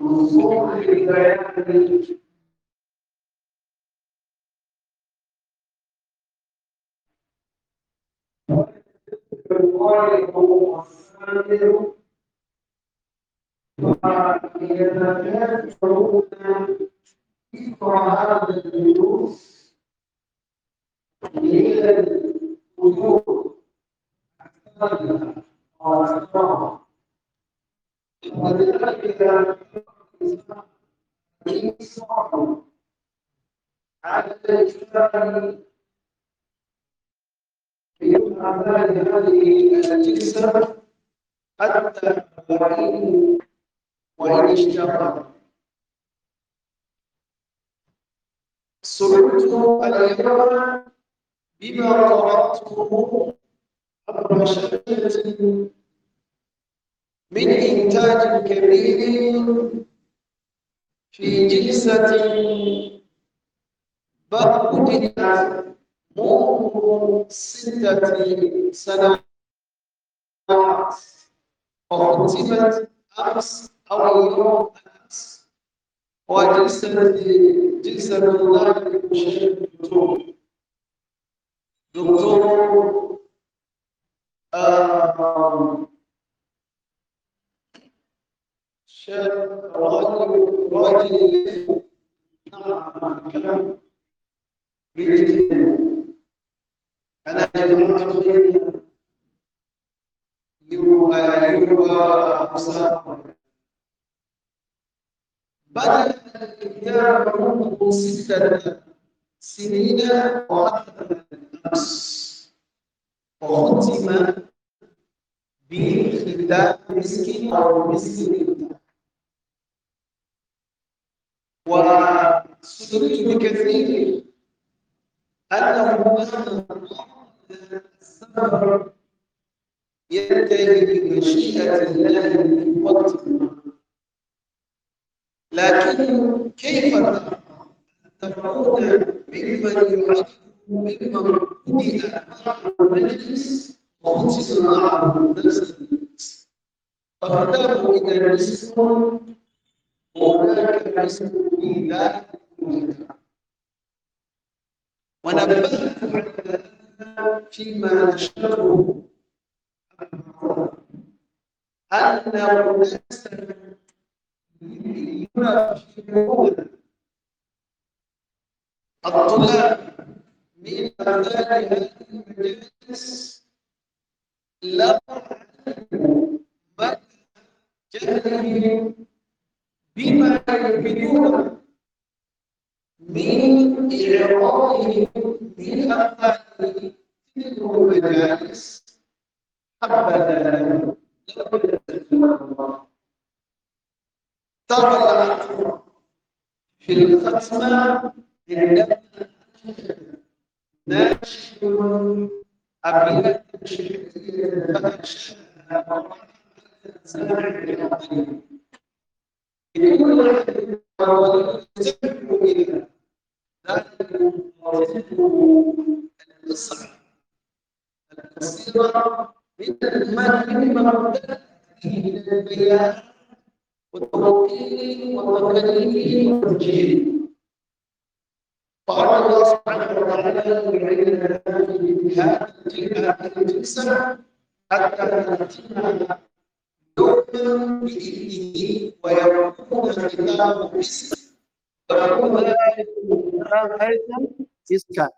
os outros que ganharam dentro Memória como passadeiro, para a terra e tornada de luz, ele usou a cana, a oração, وبذلك الإنصاف على الإسلام يوم أعمال هذه الجلسة حتى وإن وإن اشترى سررت اليوم بما قرأته أمر شديد من إنتاج كبير في جلسة بدأت منذ ستة سنوات وختمت أمس أو يوم أمس وجلسة جلسة الله الدكتور دكتور شاب رجل رجل نعم كلام أنا يجمع خير يروى يروى الكتاب منذ ستة سنين وأكثر من أمس وختم بخلاف مسك أو مسك وسررت بكثير أنه السفر ينتهي بمشيئة الله في وقت لكن كيف تفعلون ممن يحب ممن بدا أمره المجلس وخصص معه نفس المجلس فكتابه الى نسيتم وهناك يسلك في عن ذلك فيما نشره أنه نسل يرى في الأولى الطلاب من أعمال هذه المجالس لا يعلم مدى جهلهم بما يلفتون من إعراضهم من في المجالس أبدا ترى في الختمة عندما ناشد أبيات شكلية فتشتها لكل واحد رزقه منا ذلك رزقه الصحيح القصيرة من الإيمان كلمة إلى البيان والتوكيل والتكليم والتوجيه فأراد الله سبحانه وتعالى يعيننا في هذه الآية حتى نأتينا يؤمن بدينه ويقوم بكتابه بالقسط ويكون ذلك ايضا اسكا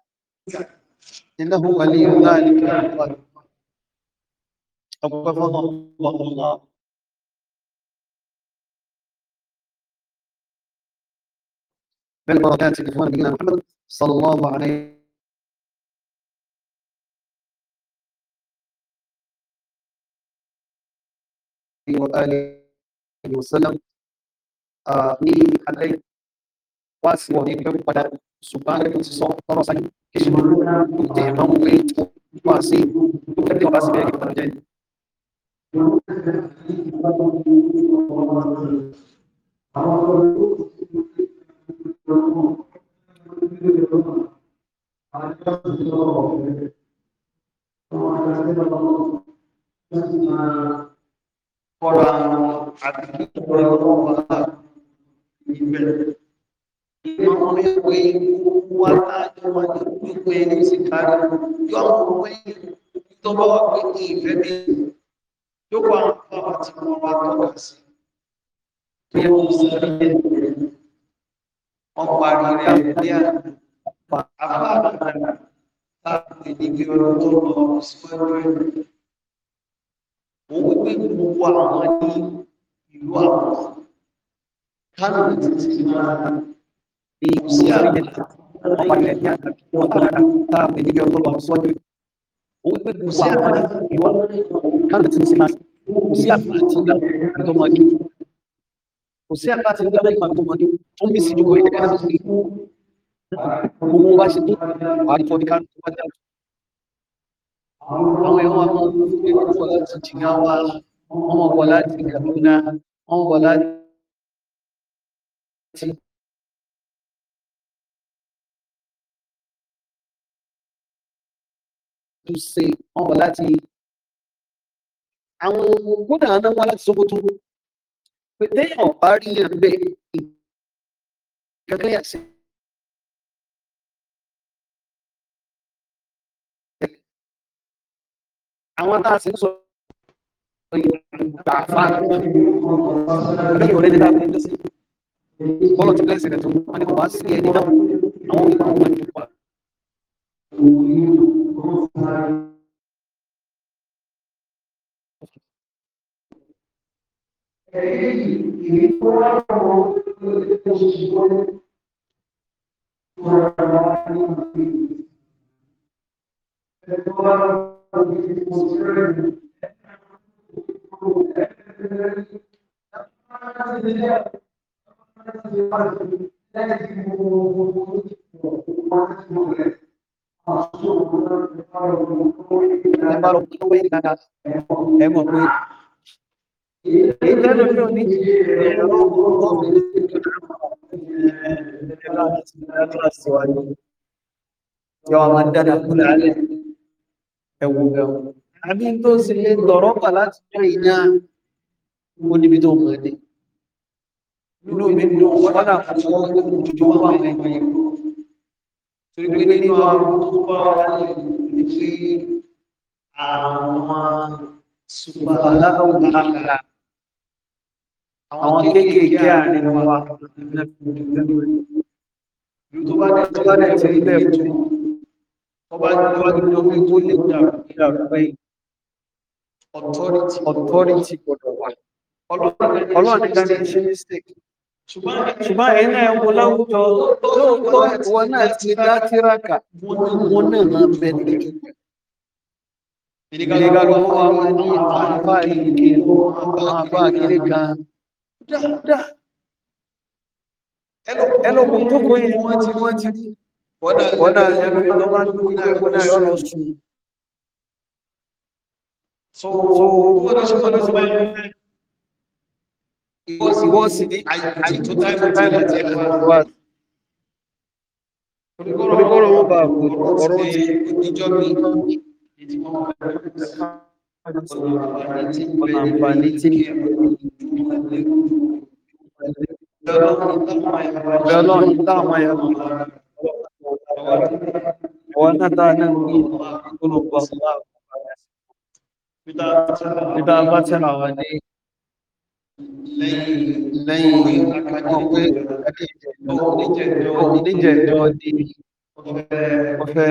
انه ولي ذلك أبو الله بل بركات الإخوان نبينا محمد صلى الله عليه ini ada alihi wasallam uh, ni anaye wasi waonekane pada subhana kusoma kama sasa kishuluna kutema mwetu wasi tukati basi bila kipatajeni Thank you. ọ̀rọ̀ àwọn àti ọ̀rọ̀ ọlọ́wọ́ ìbẹ̀rẹ̀. Ìgbìmọ̀ ọmọ ìwé wa láàájú wa ní pípé ní ìsìnkárí yóò àwọn ọmọ ìlú tó bá wà pé ní ìfẹ́ bí yóò kó àwọn bàbá tí wọ́n wá tọ́ka sí. Bí wọ́n sọ pé wọ́n parí rẹ̀ mo wí pé gbogbo àwọn ní ìlú àwọn kánò ti ti máa ní ìkùsí àríyá ọ̀pá ilẹ̀ ní àtàkì wọn tààrà táàpẹ̀ níbi ọgbọ́n lọ sọ́jú. Ó wí pé kùsí àríyá ìwọ kánò ti ti máa kùsí àríyá ti gbà tó máa dé. Kùsí àríyá ti gbà lẹ́yìn tó máa dé. Ó ń bí sí ìdúgbò ìdẹ́gbẹ́ láti fi kú. Gbogbo wa ṣe tó wà ní fọ́dí kánò tó wájú àti àwọn èèyàn wà máa ń fi púpọ̀ láti Jigawa wọ́n mọ̀ bọ̀ láti Kaduna wọ́n mọ̀ bọ̀ láti ṣe wọ́n bọ̀ láti àwọn kódà náà wá láti Sokoto pé téèyàn bá rí yàn bẹ́ẹ̀ ìgbàgbé àṣẹ. àwọn tá a sọ ìgbàfà lẹ́yìn òrẹ́dẹ́ tá a fi ń lọ́sí bọ́ọ̀lù ti lẹ́sìn tó wọ́n ní kò wá sí ẹni náà ẹ mọ̀ pé èyí lẹ́nu ló ní ẹ̀rọ ọgbọ́n ọgbọ́n ẹ̀rọ ẹwọ gan àbí tó sì lè dọ̀rọ̀ bà láti jẹ́ iná ó níbi tó mọ̀ ní inú mi ní ọ̀pọ̀lá àkọ́kọ́ òjò wà mẹ́rin yìí torí pé nínú àwọn tó bá wà ní pé àwọn ṣùgbọ́n aláwọ̀ àkàrà àwọn kéékèèké àárín wa ló tó bá dẹ̀ tó bá dẹ̀ tẹ̀lé bẹ́ẹ̀ tó ọba níwájú pé tó lè dà nílà pé authority gbọdọ̀ wà ọlọ́ọ̀dì dání ṣe mistake ṣùgbọ́n ẹ̀yin náà ń wo láwùjọ lóòótọ́ ìwọ náà ti dá tíráàkà mo náà máa bẹ nìkan. ìdíkà ló wà wọn ní àbá ìdíkè ló àbá kiri kan dáadáa ẹlòmùtòkò yìí wọ́n ti wọ́n ti rí kódà ẹlòmí ló máa ń gbé náà kódà yọ̀rọ̀ sùn. so kódà ṣe kódà ṣe báyìí ìwọ sì wọ́n sì ní àìtó táìmù táìmù àti ẹ̀kọ́ wa. oníkóró wọn bá ọ̀rọ̀ ti níjọ́ mi ọ̀nà àǹfààní tí bẹ́ẹ̀ lọ́nà táwọn ẹ̀kọ́ Wọ́n náà náà ní olùgbọ́ Ìdá bá tẹ́ra wà ní lẹ́yìn akẹ́kọ̀ọ́ pé oníjẹ̀dọ́ ní ọfẹ́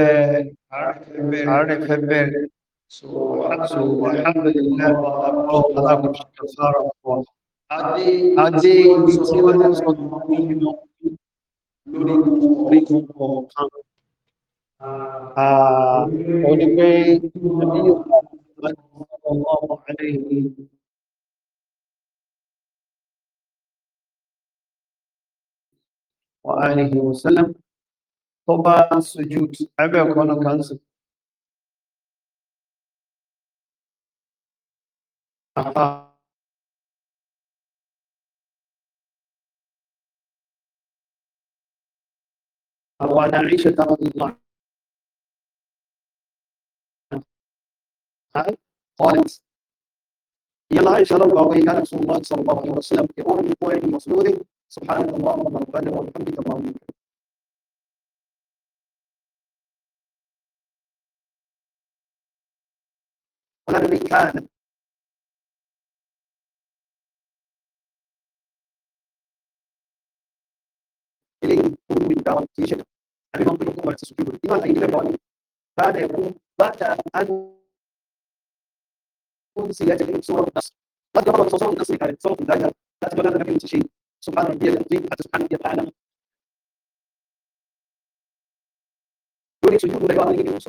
ààrẹ fẹ́ bẹ̀rẹ̀. So, alhamdulillah, Allah kò sára fún ọ. Adé ibi tí wọ́n ń sọ lórí gbogbo ọ̀kan ó ní pé àníyàn ọlọ́run àlẹ́yìn wa alihi wa sallam tó bá sujud abẹ́ ọ̀kọ́nà kansu apá àwọn àdáríṣẹ́ tàbí ìlànà هاي قالت يلا عائشه رضي الله عنها كان رسول الله صلى الله عليه وسلم يقول من قوله من مسروره سبحانك اللهم ربنا وبحمدك اللهم وبحمدك ولكن كان إليه كل من دعوة في شكل أبي منطقكم ولا تسكيبوا الإيمان أي لم يعلم كان يقول بات أن القدس لا صوره النصر قد جرب صوره النصر قال صوره الدائره لا تتبادر بكلمه شيء سبحان ربي العظيم حتى سبحان ربي الاعلى يريد سجود لا يعلم به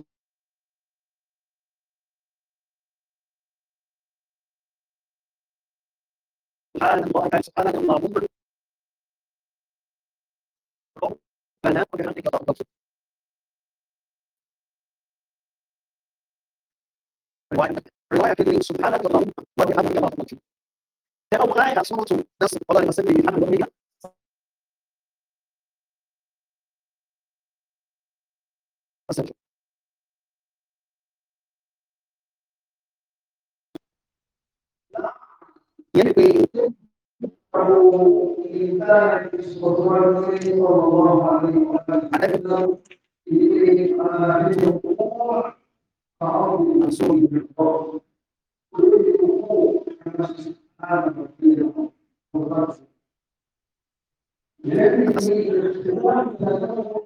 سبحان الله يعني سبحان اللهم ربنا وبحمدك اللهم روايه كده سبحان الله وبحمده الله اكبر او آية سورة نصر والله ما سبب الحمد لله يلقي أبو الإنسان صلى الله عليه وسلم فأرض رسول الله لكن الاختلاف الاختلاف سبح الحمد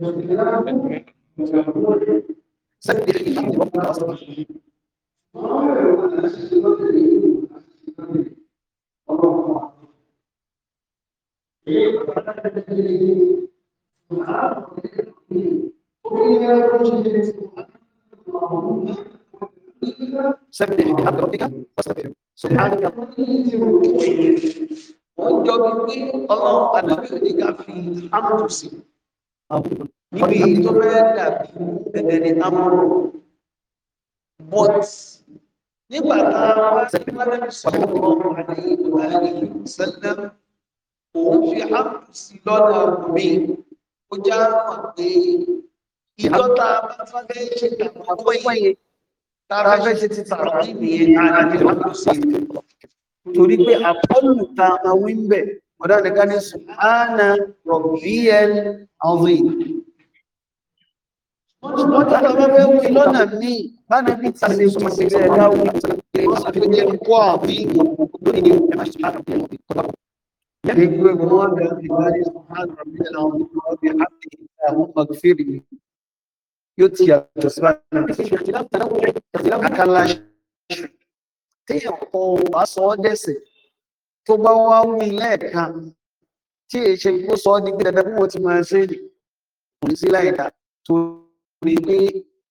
رب العالمين سبحان الله سبح بحمد ربك واستغفره سبحانك wọ́n jọ bí pé ọlọ́run alábí oníga fi amúrù sí níbi tó fẹ́ dàbí gẹ́gẹ́ ní amúrù but nígbà tá òun fi amúrù sí mi ó já mọ̀ pé ìjọta bá fẹ́ torí pé àpọ́lù ta àwọn ń bẹ̀ ọ̀dá nìkan ní subhana rabbiyal azim wọ́n tàbí wọ́n fẹ́ wí lọ́nà míì bá ní bí tàbí sọ sí ilé ẹ̀dá wí wọ́n sọ pé ní kọ́ àbí ìgbòho ní ẹ̀mà ṣe yóò ti yàtọ̀ sí téèyàn kan ò bá sọ ọ́ dẹ̀sẹ̀ tó bá wá wí lẹ́ẹ̀kan tí èyí ṣe kó sọ ọ́ ní gbẹdẹdẹ bí wọ́n ti máa ṣe nì kò ní sí láìda torí pé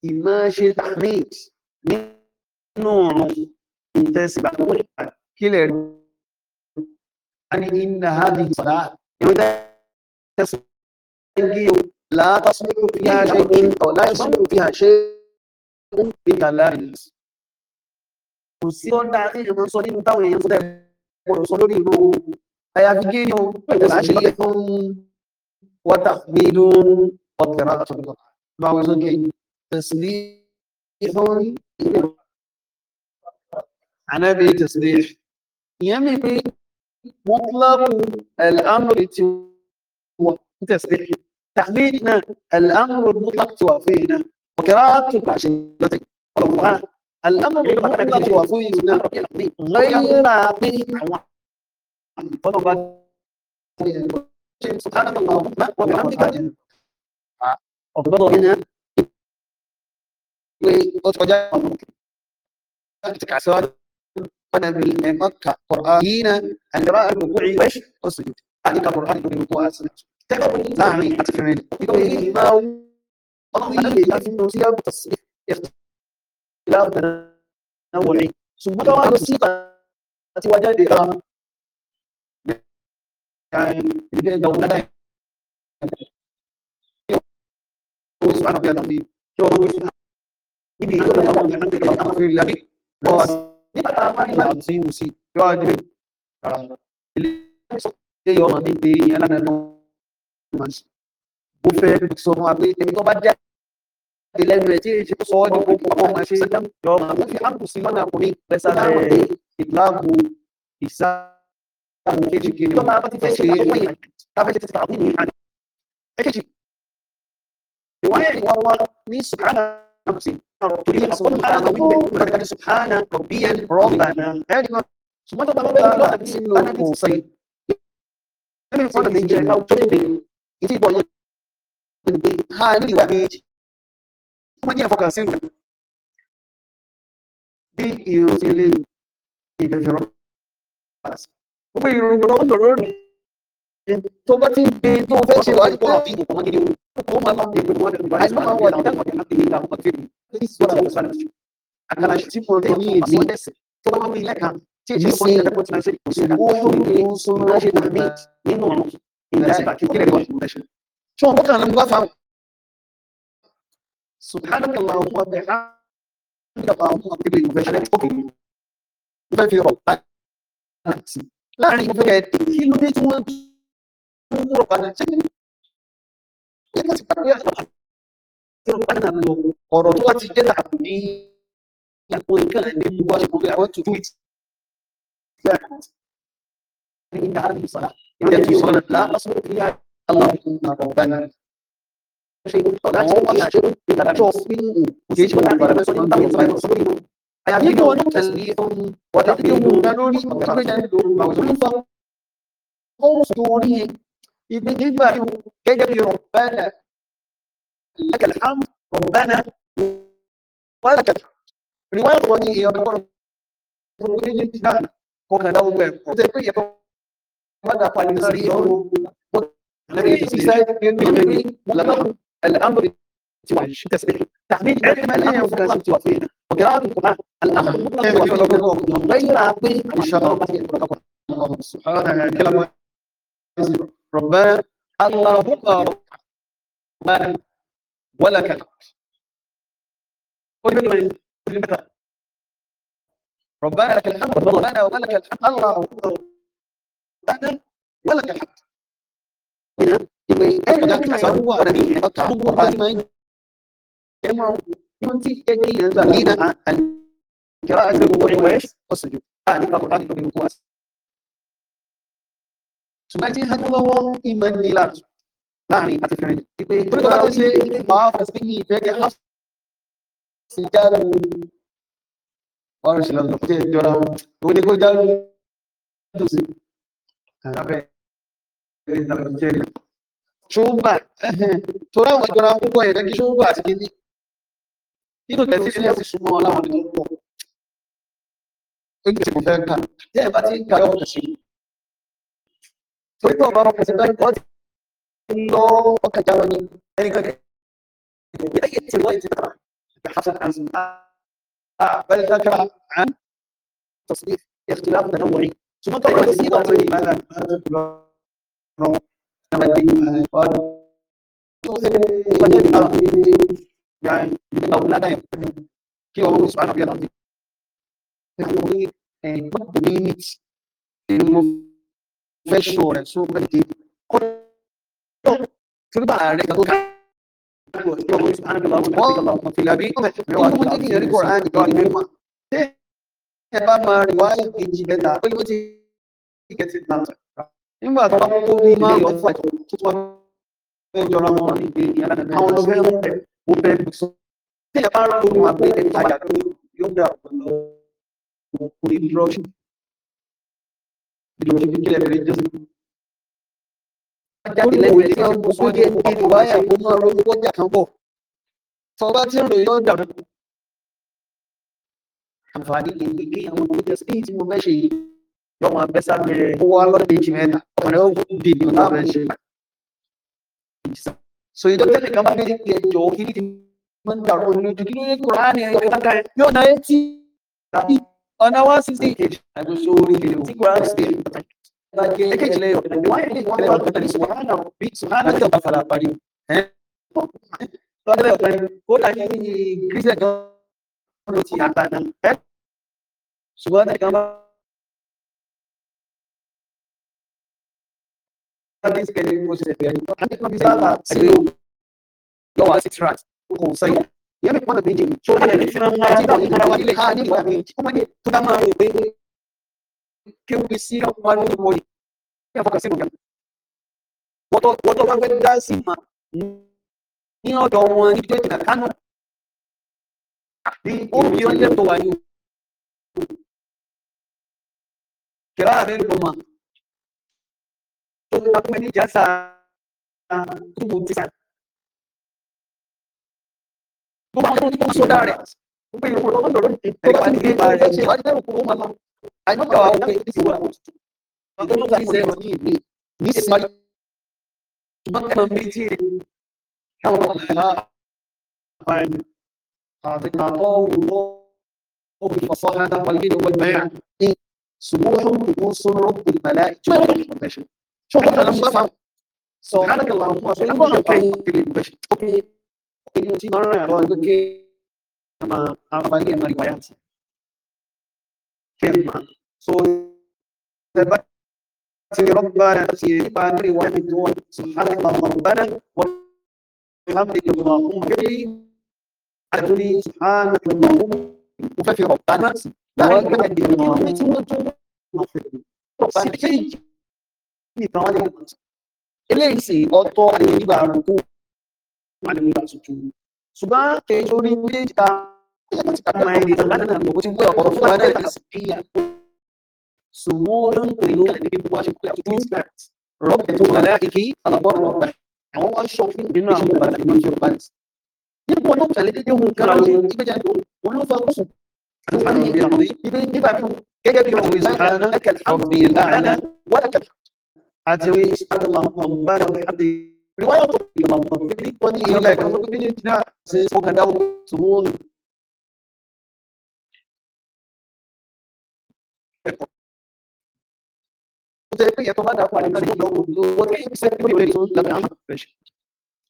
ìmọ̀ ṣe tàmíìt nínú ọ̀run ìtẹ̀sígbà tó wọ́n nípa kílẹ̀ rí wọ́n ní iná hábì ìsọ̀dá ìwé tẹ̀sígbà ń gé o. لا تصلح فيها شيء او لا يصلح فيها شيء من كلام وسيون داخل من صلي متوي ينصدر ويصلي له هيا في جينو العشرية وتخميد وقراءة القرآن بعوز الجين تصليح عن ابي تصليح يملك مطلق الامر تصليح تحديدنا الامر المطلق توافينا وقراءه العشرين والقران الامر المطلق توافينا غير عقيم سبحانك اللهم وبحمدك وبرضه هنا أنا بالمكة قرآن القراءة الركوع والسجود هذه القرآن بالركوع والسجود kẹ́kọ̀ọ́ láàrin àti fìrìn ìgbọ́n èyí máa ń ọkùnrin ilé láti inú sí yàgò sí ẹ̀fọ́ ìlànà náà wọlé ṣùgbọ́n tó lọ sí ìgbà àti wájà èdè ra ilé ẹgbẹ́ wọn dáadáa ó sì máa ń fi àdàmú ní kí ọmọ wọn fún níbi ìlú ọ̀dọ̀ àwọn ọ̀dọ̀ ìlú àwọn fèrè lábẹ́ bọ́ wa nígbà tá a máa ń gbà sí ìwòsí yọ adé ilé ẹgbẹ́ sọ pé ọmọ mi pé ìyẹn lánàá náà months ó fẹ́ sọ fún wa pé ẹni tó bá jáde lẹ́nu ẹ̀ tí èyí tó sọ ọ́ ní gbogbo ọmọ ọmọ ṣe yọ ọmọ àwọn fi áàpù sí lọ́nà àkùnrin pẹ̀sà láàmùdé ìgbàgbọ́ ìsáàmù kejì kejì lọ́nà àbá ti fẹ́ ṣe ọmọ yìí láfẹ́ ṣe ti ta àbúrò yìí àná ẹ̀kejì ìwọ́n yẹn wọ́n wọ́n ní sùkánà àbùsí torí àsọ̀rọ̀ náà lọ wípé ìgbàgbọ́ sùkánà rọ̀bíyẹn rọ́bà náà ṣùgbọ́n tó bá lọ́wọ́ ìfìbọn yẹn ló gbé ha ní ìwà méjì ó máa ń jẹ́ ìfọkànsí nǹkan bí irun ti lè ìgbẹ̀jọ̀rọ̀ gbogbo ìròyìn ọ̀rọ̀ ọ̀rọ̀ rẹ̀ tó bá ti ń gbé tó fẹ́ ṣe wàá nípa àfihàn ìpamọ́ gidi o ó máa ń lọ ìpè wọn lẹ́nu àìsàn máa ń wà nígbà wọn láti ilé àwọn kọ̀tẹ́rì ní ìsúná àwọn ìsúná àkàrà tí mo tẹ̀ ní èdè tó bá wọ́n ilé kan tí èdè kan ní ẹ̀dẹ́gbọ́n ti máa ṣe ìṣẹ̀dá ó ń sún láṣẹ tàbí nínú àwọn شو بكره انا مقاطع سبحانك اللهم وبحمدك اللهم اكتب لي مباشرات حكم في لا يعني مفاجات كل بيت مرقنا ọ̀rọ̀ tó wá ti jẹ́ tààbù ní àpò ìkànnì ní gbogbo àṣepọ̀ pé àwọn tó dùn ìtì التي لا أصل فيها اللهم ربنا شيء لا تكون شيء إلا شوف منه يجب أن يكون من طريق صبر أيعجبك تسبيح وتحليل منون مخرجا موزون فوق صدوره بجمعه يجري ربنا لك الحمد ربنا ولك الحمد رواية غنية يقول قلنا لو قلت ماذا قال المصريون لما الامر التوحيد تحميد علم الامر التوحيد وقراءة القران الامر مطلق غير عقلي سبحانه يعني كلام ربنا اللهم ربنا ولك الحمد ربنا لك الحمد ربنا ولك الحمد اللهم tangan wala kang hak. You know, yung may kaya ka dati kasawa na ni hak ka. Bubuo pa ni may. Kaya mo, yung si kaya niya sa lina an kaya ang bubuo ni Wes o sa Ah, di ka po tayo kung kuwas. Sumaji hanawawang iman nila. Nani, at if you're in it. Ito ko natin si Maafas ni Ibe, kaya si Karen और सिलम तो जो रहा हूँ वो देखो जान दूसरी ṣùgbà torí àwọn ìjọra púpọ̀ ẹ̀rẹ́ kí ṣùgbà àti kíní nínú tẹ̀sí sílẹ̀ sí súnmọ́ láwọn ní púpọ̀ ó gbèsè kò fẹ́ kà tí ẹ̀ bá ti ń ka yọ̀ ọ̀tọ̀ sí i torí pé ọba ọkọ̀ sí bá ọ ti ń lọ ọkọ̀ ìjà lọ ní ẹni kan kẹ́kẹ́ ẹ̀yẹ ti wọ́n cuma kalau di sini kalau di mana Allahumma ẹ bá máa rìn wáyà kejì mẹ́ta ó ní ó ti nígbà tó bá kó ní máa yọ fún àìsàn tó wá fẹ́ jọra wọn ní ìyá àwọn ọlọ́fẹ́ wọn bẹ̀ wọ́n bẹ̀ bí sọ. tí ẹ bá ń ronú àgbẹ̀ ẹ̀ tajà yóò dà ọ̀pọ̀lọ òkú ìdúróṣù ìdúróṣù bí kílẹ̀ bẹ̀rẹ̀ jẹ́sí. jáde lẹ́yìn tí wọ́n kó jẹ́ ní ìwáyà kó máa ronú kó jà kan bọ̀. sọ àǹfààní lè ní kí àwọn òwe jẹ sí tí mo fẹ́ ṣe yìí lọ́wọ́ abẹ́sàmì rẹ̀ ó wá lọ́dẹ jì mẹ́ta ọ̀rẹ́ ó fún bèbè ọ̀tá rẹ̀ ṣe. so ìjọba ìjọba ìjọba bá dé ilé ẹjọ́ kí ní ti máa ń dàrú lójú kí ló ní kúránì ẹ̀rọ bá kárẹ̀ yóò náà ti tàbí ọ̀nà wá sí sí èkejì àgbèsò orí ilé tí kúránì sí èkejì bàjẹ́ èkejì lẹ́yọ̀ wáyé ní wọ́n bá tẹ̀lé sùhánà bí sùhánà tẹ̀ bá fara parí. lọ́dọ̀ ọ̀gbẹ́ni kódà ní kírísẹ̀ gan ló ti àgbàdàn ẹ́ ṣùgbọ́n tẹ́lẹ̀ kan bá this getting was there. I think we saw that too. No, I see trust. Kò sọ yẹn. Ìyá mi kọ́nà méje mi. Ṣé ẹ lè fi ọmọ àti ìgbà ìgbà wọlé ká ní ìwà mi? Ó máa ń yẹ tó dá máa ń gbé kéwì sí ọmọ ní ìwọ ni. Ṣé ẹ fọkàn sí ìwọ̀n? Wọ́tọ̀ wọ́tọ̀ wá gbé dá sí ìmọ̀ ní ọ̀dọ̀ wọn ní ìjọ ìgbà kánú. Huu uende kwa juu. Kera ben koma. To na kuma ni jasa kubu tisa. Bo ba ko ko so dare. Ko pe ko ko do ti te ka ni ba re. Wa de ko ma ma. Ai no ka wa ko ti wa. Ko to ka ni se ni ni. Ni se ma. Ba ka mi ti. Ka wa ha. Ba ni. أعطنا قول الفصاحة والجد والبيع سبوح رؤوس رب الملائكة شوف هذا المصطفى سبحانك اللهم وبحمدك كما أعطاني أما روايات كما صوت ربنا تسيب عن رواية سبحانك اللهم ربنا وبحمدك اللهم àtúndì ṣùgbọ́n mo fẹ́ fi ọ̀pá náà sí báyìí wọ́n fẹ́ di ọ̀rọ̀ tí wọ́n tó wọ́n fẹ́ di ọ̀pá ní ṣé ìjì nìkan wọ́n lè mọ̀ sí. eléyìí sì ọ̀tọ̀ àyèjìgbà àrùnkù wà ní ìgbà tuntun nígbà wọn ní òkùnkùn àlédédé ohun kan láwọn ohun ìgbéjà tó wọn ló fa kóṣù tó wọn ní ìgbé nígbà tó gẹ́gẹ́ bí ọmọ ìlànà ẹkẹlẹ àbí ìlànà wọn ẹkẹlẹ àti wí sàlùmọ ọmọ àbí riwaya tó fi ọmọ ọmọ bíbí wọn ní ìyọlẹ kan tó bíbí ní ṣe ọkàn dáwọ tó wọn.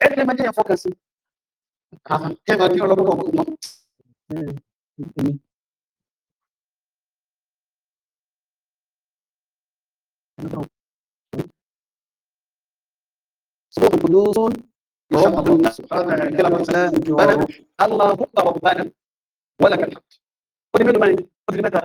Ẹni máa jẹ́ yẹn fọ́kàn sí. അവന്റെ الله سبحانه وتعالى ربنا ولك الحمد. قل من قل متى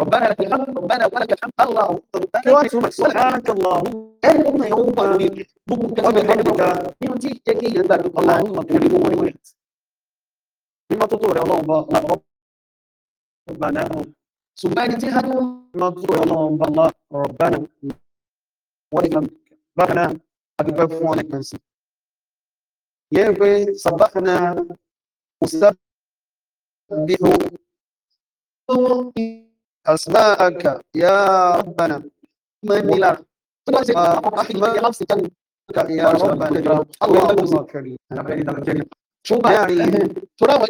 ربنا لك الحمد ربنا ولك الحمد الله ربنا سبحانك اللهم اللهم يوم طويل بك بحمدك يعطيك كي اللهم تولد ولد بما تطور يا الله ربنا سبحانك تهدو بما تطور يا الله ربنا ولك بارنا أدوبة فوانك منسي يبقى صبحنا وسبحوا أسماءك يا ربنا من لا يا ربنا اللهم كريم شوف يعني ترى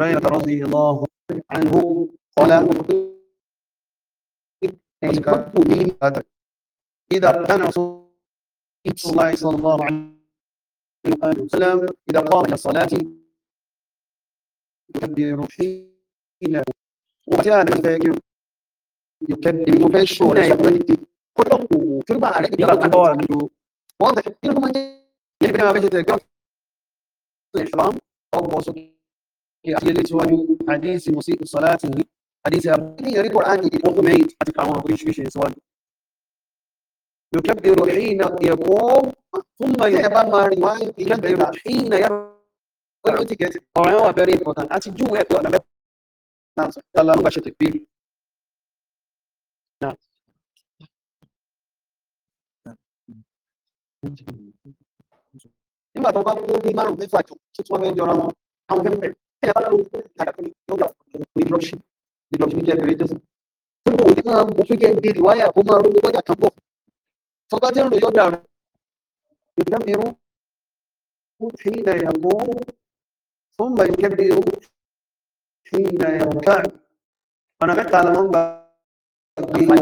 ترى قال إذا كان رسول الله صلى الله عليه وسلم إذا قام إلى الصلاة يكبر حينه وكان يكبر يبشر كله تربع عليك يلا الدوار منه واضح كلهم يعني بينما بيت الإحرام الله سبحانه يأتي لتواجه حديث مسيء صلاته àdéhìí àbúrò ní Kùránì wọ́n tó mẹ́yìn àti àwọn oríṣiríṣi ìsọ́nù. يكبر حين يقوم ثم يتبمر يكبر حين يرى ọ̀rẹ́ wà very important àti júwe ẹ̀kọ́ ọ̀nà mẹ́ta ṣàlàyé ọgbà ṣe tẹ̀gbìrì. nígbà tó bá kó bí márùn-ún mẹ́fà tó tún wọ́n mẹ́jọ ra wọn àwọn mẹ́fẹ̀ẹ́ tí a bá lò ó kàdà fún mi yóò gbà fún the transmission generators. tí mo ò ní máa mú fíkẹ́ ń gbèrè wáyà kó máa rówó wáyà kan bọ̀ fọba tí ń lò yọ̀dà rẹ̀ ìdá mìíràn ó ti ń da ìyàwó fún mẹ̀kẹ́bí ó ti ń da ìyàwó káàdì ọ̀nà mẹ́ta la wọ́n gbà gbé ìwọ̀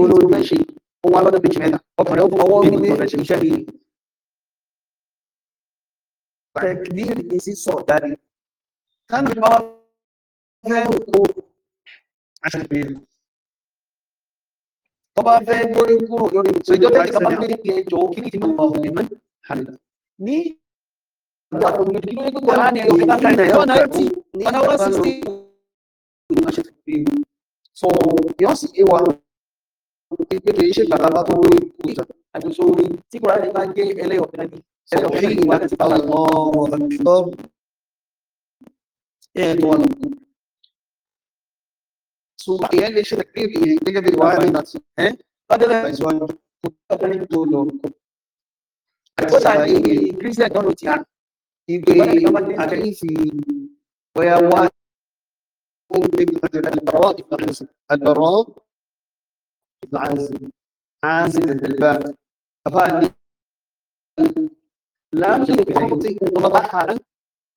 olórí fẹ́ ṣe ó wá lọ́dọ̀ méjì mẹ́ta ọkùnrin ó fún ọwọ́ mi ní ọ̀rẹ́ ṣe iṣẹ́ mi. Tẹ̀kílì ní sísọ̀ jáde. Káàdì máa fẹ́ kó tó bá fẹ́ gbórí kúrò lórí ìjọ tẹ́lẹ̀ kan bá gbé ní ìpínlẹ̀ ìjọ kí ni ti máa wọ̀ ní ní ìgbà tó ní kílódé gbogbo ara ní ẹ̀yọ́ kíkà ní ọ̀nà ẹ̀tì ní ọ̀nà one sixty ní ọ̀ṣẹ̀ tó fi sọ yọ̀ sí ewa pé kì í ṣe bàtà bá tó wọlé kú ìjà àti oṣù orí tí kò ráàlì bá gé ẹlẹ́yọ̀ kẹ́lẹ́bí ẹlẹ́yọ̀ kẹ́lẹ́bí ìwádìí ti bá wà lọ́wọ́ ẹ̀ẹ́dọ́ọ̀lù su material hecho de y tenga derivada de nación. ¿eh? Otherwise, one could totally go long. Because in the increased technology, if they at least where one البراء البراء عازل عازل الباب فقال لم يعطي وضحا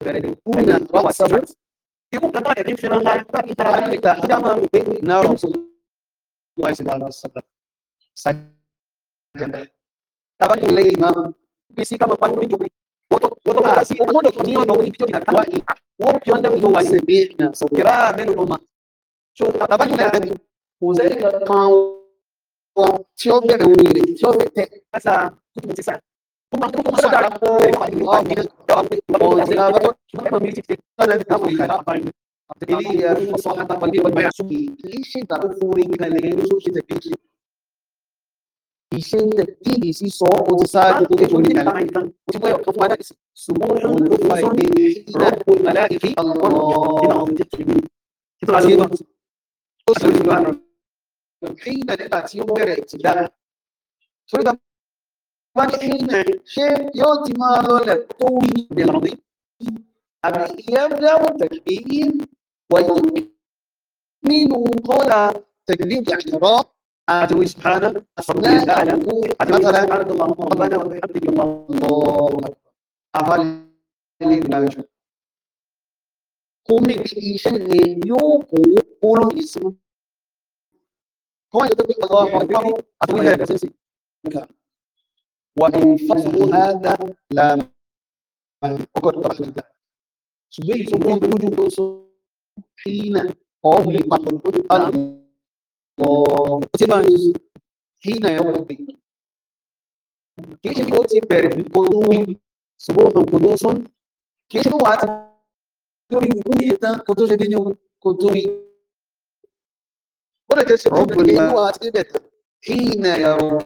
يكون رأس Irú nǹkan báyẹn ní fẹ́ràn láyé láti tara láyé ìgbà tí a máa ń gbé náà rọ̀ fún wa ìsìn àlọ́ sọ̀rọ̀ sájẹ̀dẹ̀. Tàbá ní ilé ìmọ̀ bí sí káwọn pàdé níjọba wọ́n tó bára sí owó mọ́tò tó ní ọ̀nà orí bíjọ́ ìdàgbà wá ìhà wọ́n fi ọ́n dẹ́kun wá tí ó bẹ̀rẹ̀ òun ìrè tí ó bẹ̀rẹ̀ tẹ̀ ele é uma só da pandemia, mas assumir. Ele chegar ao furo em galera, os outros dependem. Vicente Pires hizo utilizar de todo el mundo. Usted puede tomar su mano, su mano, y dar por la que vi al mundo. Esto ha sido todo el ciudadano. Fin de la acción de la electricidad. Solo ولكن يثمر للطول بالأرض أم تكليم يعني رأى أتوي سبحانه أصلا على مثلا ربنا الله أكبر بإيشان يوكو قولوا اسمه هو الله أكبر أتوي ومن فضل هذا لا ṣùgbọ́n ìfowópamọ́ lójú ló sọ hínà ọ̀hún lè papọ̀ lójú àná ọ̀ọ́ tí máa ń yí hínà ẹ̀ wọ́n pè kì í ṣe kó ti bẹ̀rẹ̀ bí kò ló ń ṣùgbọ́n ọ̀nà kò ló sọ́n kì í ṣe kó wàá ti lórí ìlú yìí tán kó tó ṣe bí ní kó tó rí. ó lè tẹ̀sí ọ̀gbìn ní wàá ti bẹ̀ tán hínà ẹ̀ wọ́n pè.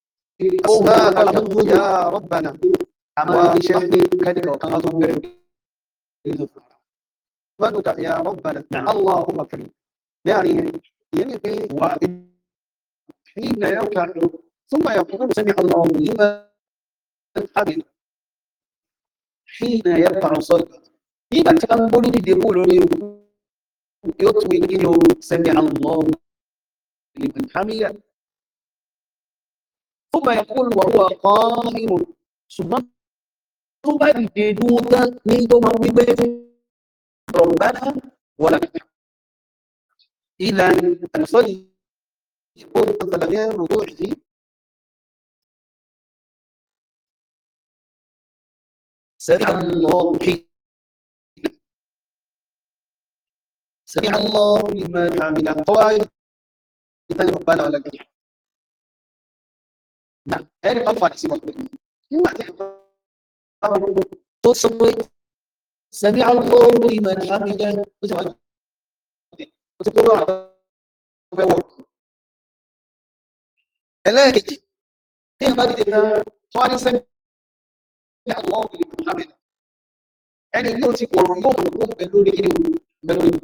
أوفاك الحظ يا ربنا أما بشأنك وكرمك نحمدك يا ربنا نعم. اللهم كريم يعني يلقي حين يركع ثم يقول سمع الله لمن حمد حين يرفع صوته إذا كان يقول يطوي إنه سمع الله لمن حمد ثم يقول وهو قائم ثم تبددون من تمرضات ربنا ولم إذا نصلي يقول مثلا يا رجوع دي سمع الله حين سمع الله لمن عمل قواعد ربنا ولك الحمد gbà ẹni bá fà sí ọ̀pẹ nígbà tí a bá gbogbo tó sọ pé sẹ́ni àwọn olú ìmọ̀ ní àmì jẹ́ ó ti wá jù ó ti tó lọ́wọ́ àwọn fẹ́ wọ̀. ẹlẹ́ẹ̀kejì ní ìyá bá dìde náà wọ́n á ní sẹ́ni ní àwọn ọ̀gbìn ìlú àmì ẹni yóò ti wọ̀rọ̀ yóò wọ̀ pẹ̀lú orí kí ni wọ̀ pẹ̀lú orí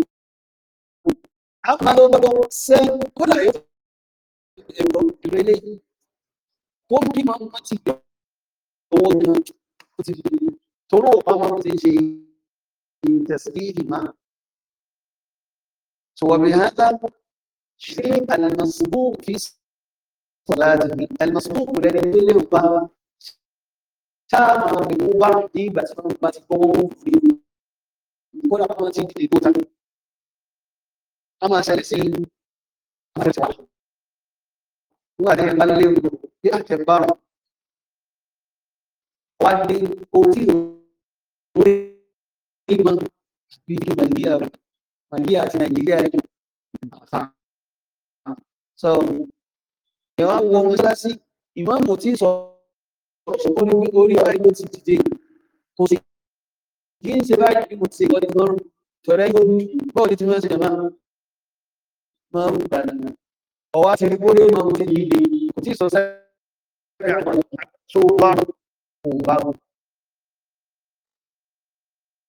àwọn àgbàdo sẹ́ni como que não conseguiu todo todo o power de تسبيح ما وبهذا شيء على المسبوق في صلاته المسبوق الذي له الطهارة تام بالمبرد بس بس في كل ما تيجي أما سلسل ما تتوحد وهذا يبلغ bí àṣẹ ń bá wọn wá ní orí orí ìgbọ́n bíi nàìjíríà nàìjíríà àti nàìjíríà ní so, sọ ìyẹn wá wọ mọ́ṣáláṣí ìmáàmù tí sọ ọ̀ṣọ́kọ́ ní orí ariwo ti dìde kò sí kí n ṣe báyìí bí mo ti ṣe ìwọ́de lọ́rùn tọ́lẹ́ yóò bọ́ọ̀lù tí wọ́n ṣe máa máa ń gbà nínú ọ̀wá ti rí máa ń ṣe yìí lè kò tí ì sọ sẹ́yìn seorang baru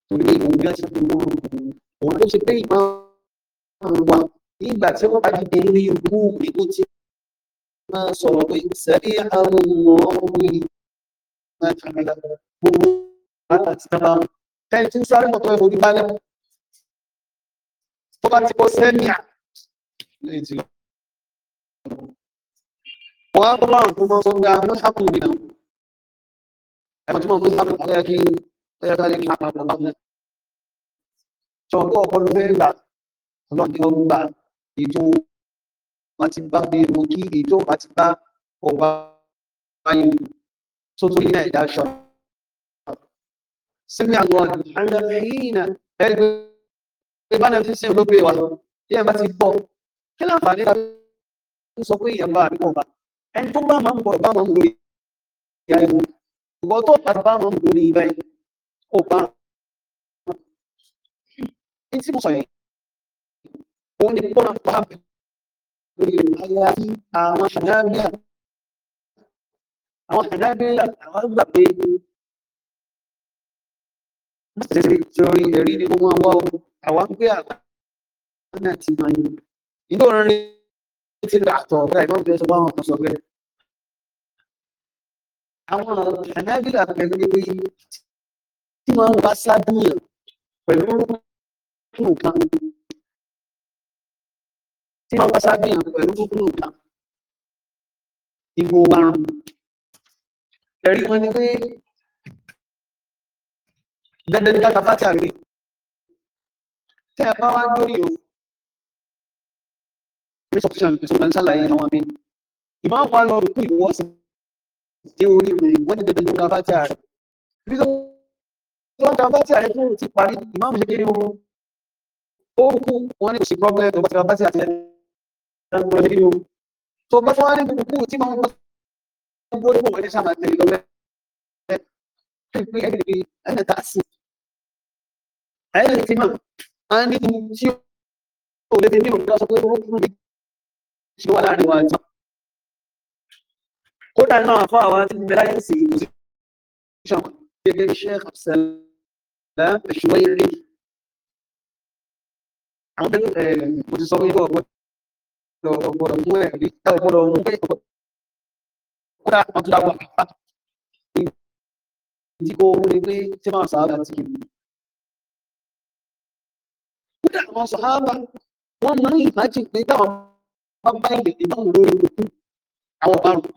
torí ìgbà tí òun ló ṣe pé ìmọ̀ wa nígbà tí wọ́n bá dìde lórí ikú ikú tí máa sọ̀rọ̀ pé sẹ́rí àwọn ọmọ ìgbà tí wọ́n gbogbo àwọn àti sábà ẹni tí ń sáré mọ̀tọ́ ìforí balẹ̀ tó bá ti kọ́ sẹ́míà lẹ́yìn tí lọ́wọ́ wọ́n á tó bá nǹkan mọ́ sọ́gbà mọ́sáàpù mi náà ẹ̀mọ̀ tí mo mọ́sáàpù tó yẹ kí tó yẹ káyọ̀ kí n máa pọ̀ lọ́dún sọ pé ọpọlọ fẹ́ gbà ọlọ́run tí wọ́n gbà ètò wọn ti bá bí mo kí ètò wọn ti bá ọba báyìí tó tó yẹ ẹ̀dá aṣọ. sẹ́mi àwọn àdúrà ẹ̀yìn náà ẹgbẹ́ bá náà fi ṣe olóògbé wa yẹ́n bá ti bọ̀ kí láǹfààní ta sọ pé ìyẹn bá àbíkọ̀ bá ẹni tó bá máa mú kọ̀rọ̀ bá máa mú lórí ìyàwó ìwọ́n tó padà bá máa mú lórí ibẹ̀ kò pa ní tí mo sọ yẹn òun ni kó máa pa lórí ayáyí àwọn ṣàdábíà àwọn ṣàdábíà àwọn gbà pé ṣẹṣẹ torí ẹ̀rí ni wọ́n wá o àwa ń gbé àgbà náà ti máa yẹ ìdó orin ti rà àtọ̀ ọ̀gá ìbọn fẹ́ sọ bá wọn kan sọ bẹ́ẹ̀ àwọn ànábìlà pẹ̀lú pé tí wọ́n ń wá sábìyàn pẹ̀lú rúkúrú kan tí wọ́n wá sábìyàn pẹ̀lú rúkúrú kan ìbò àrùn ẹ̀rí wọn ni pé dandan ní káka fátì àgbè tí ẹ bá wá lórí o rí sọ́kùsàn ìpèsè ọ̀la lọ rúkú ìwọ́sìn dé orí rẹ̀ ìwọ́n ní dandan ló ń ka fátíà rẹ̀ bí tó ń ka fátíà rẹ̀ tó ti parí ìmáàmù ṣe kéré oorun ó kú wọn ní kò sí problem tó bá ti ka fátíà rẹ̀ tó ń kéré oorun tó bá tó wá ní kúkú tí màá ń bọ́ tó wọlé sáà máa tẹ̀lé lọ́wọ́ ẹ̀ẹ́dẹ̀gbẹ̀rẹ̀ tààsì ẹ̀ẹ́dẹ̀gbẹ̀rẹ̀ a ní tí ó lè fi mí òun dá sọ kódà náà fún àwọn tí bẹ láyé sí ìlú ṣàn gẹ́gẹ́ iṣẹ́ àṣẹlá ìṣúwẹ́ ilé àwọn tẹ́lẹ̀ ẹ̀ mo ti sọ pé kó ọgbọ́dọ̀ ọgbọ́dọ̀ mú ẹ̀ rí ẹ̀ ọgbọ́dọ̀ mú pé kódà wọn tún dáwọ́ àpá ìdí kó owó ni pé tí máa sàábà ti kiri kódà àwọn sàábà wọn máa ń ìbájú pé táwọn bá bá ìgbèdè bá wù lórí òkú àwọn ọ̀bárùn-ún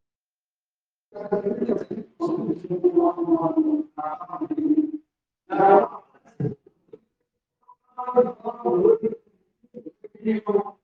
Thank you.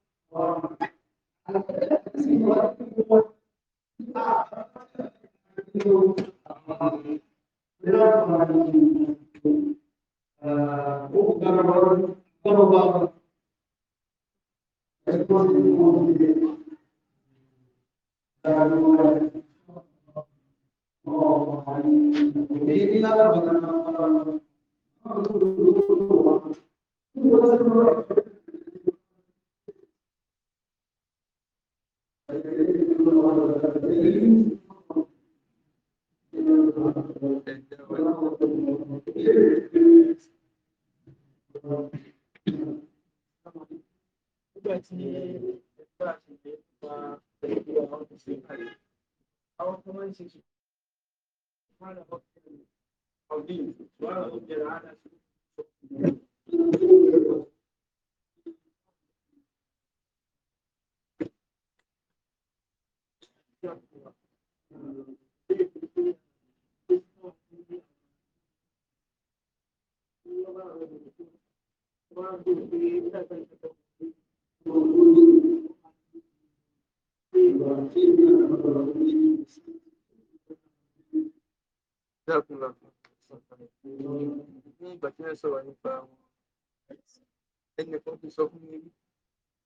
sọ fún mi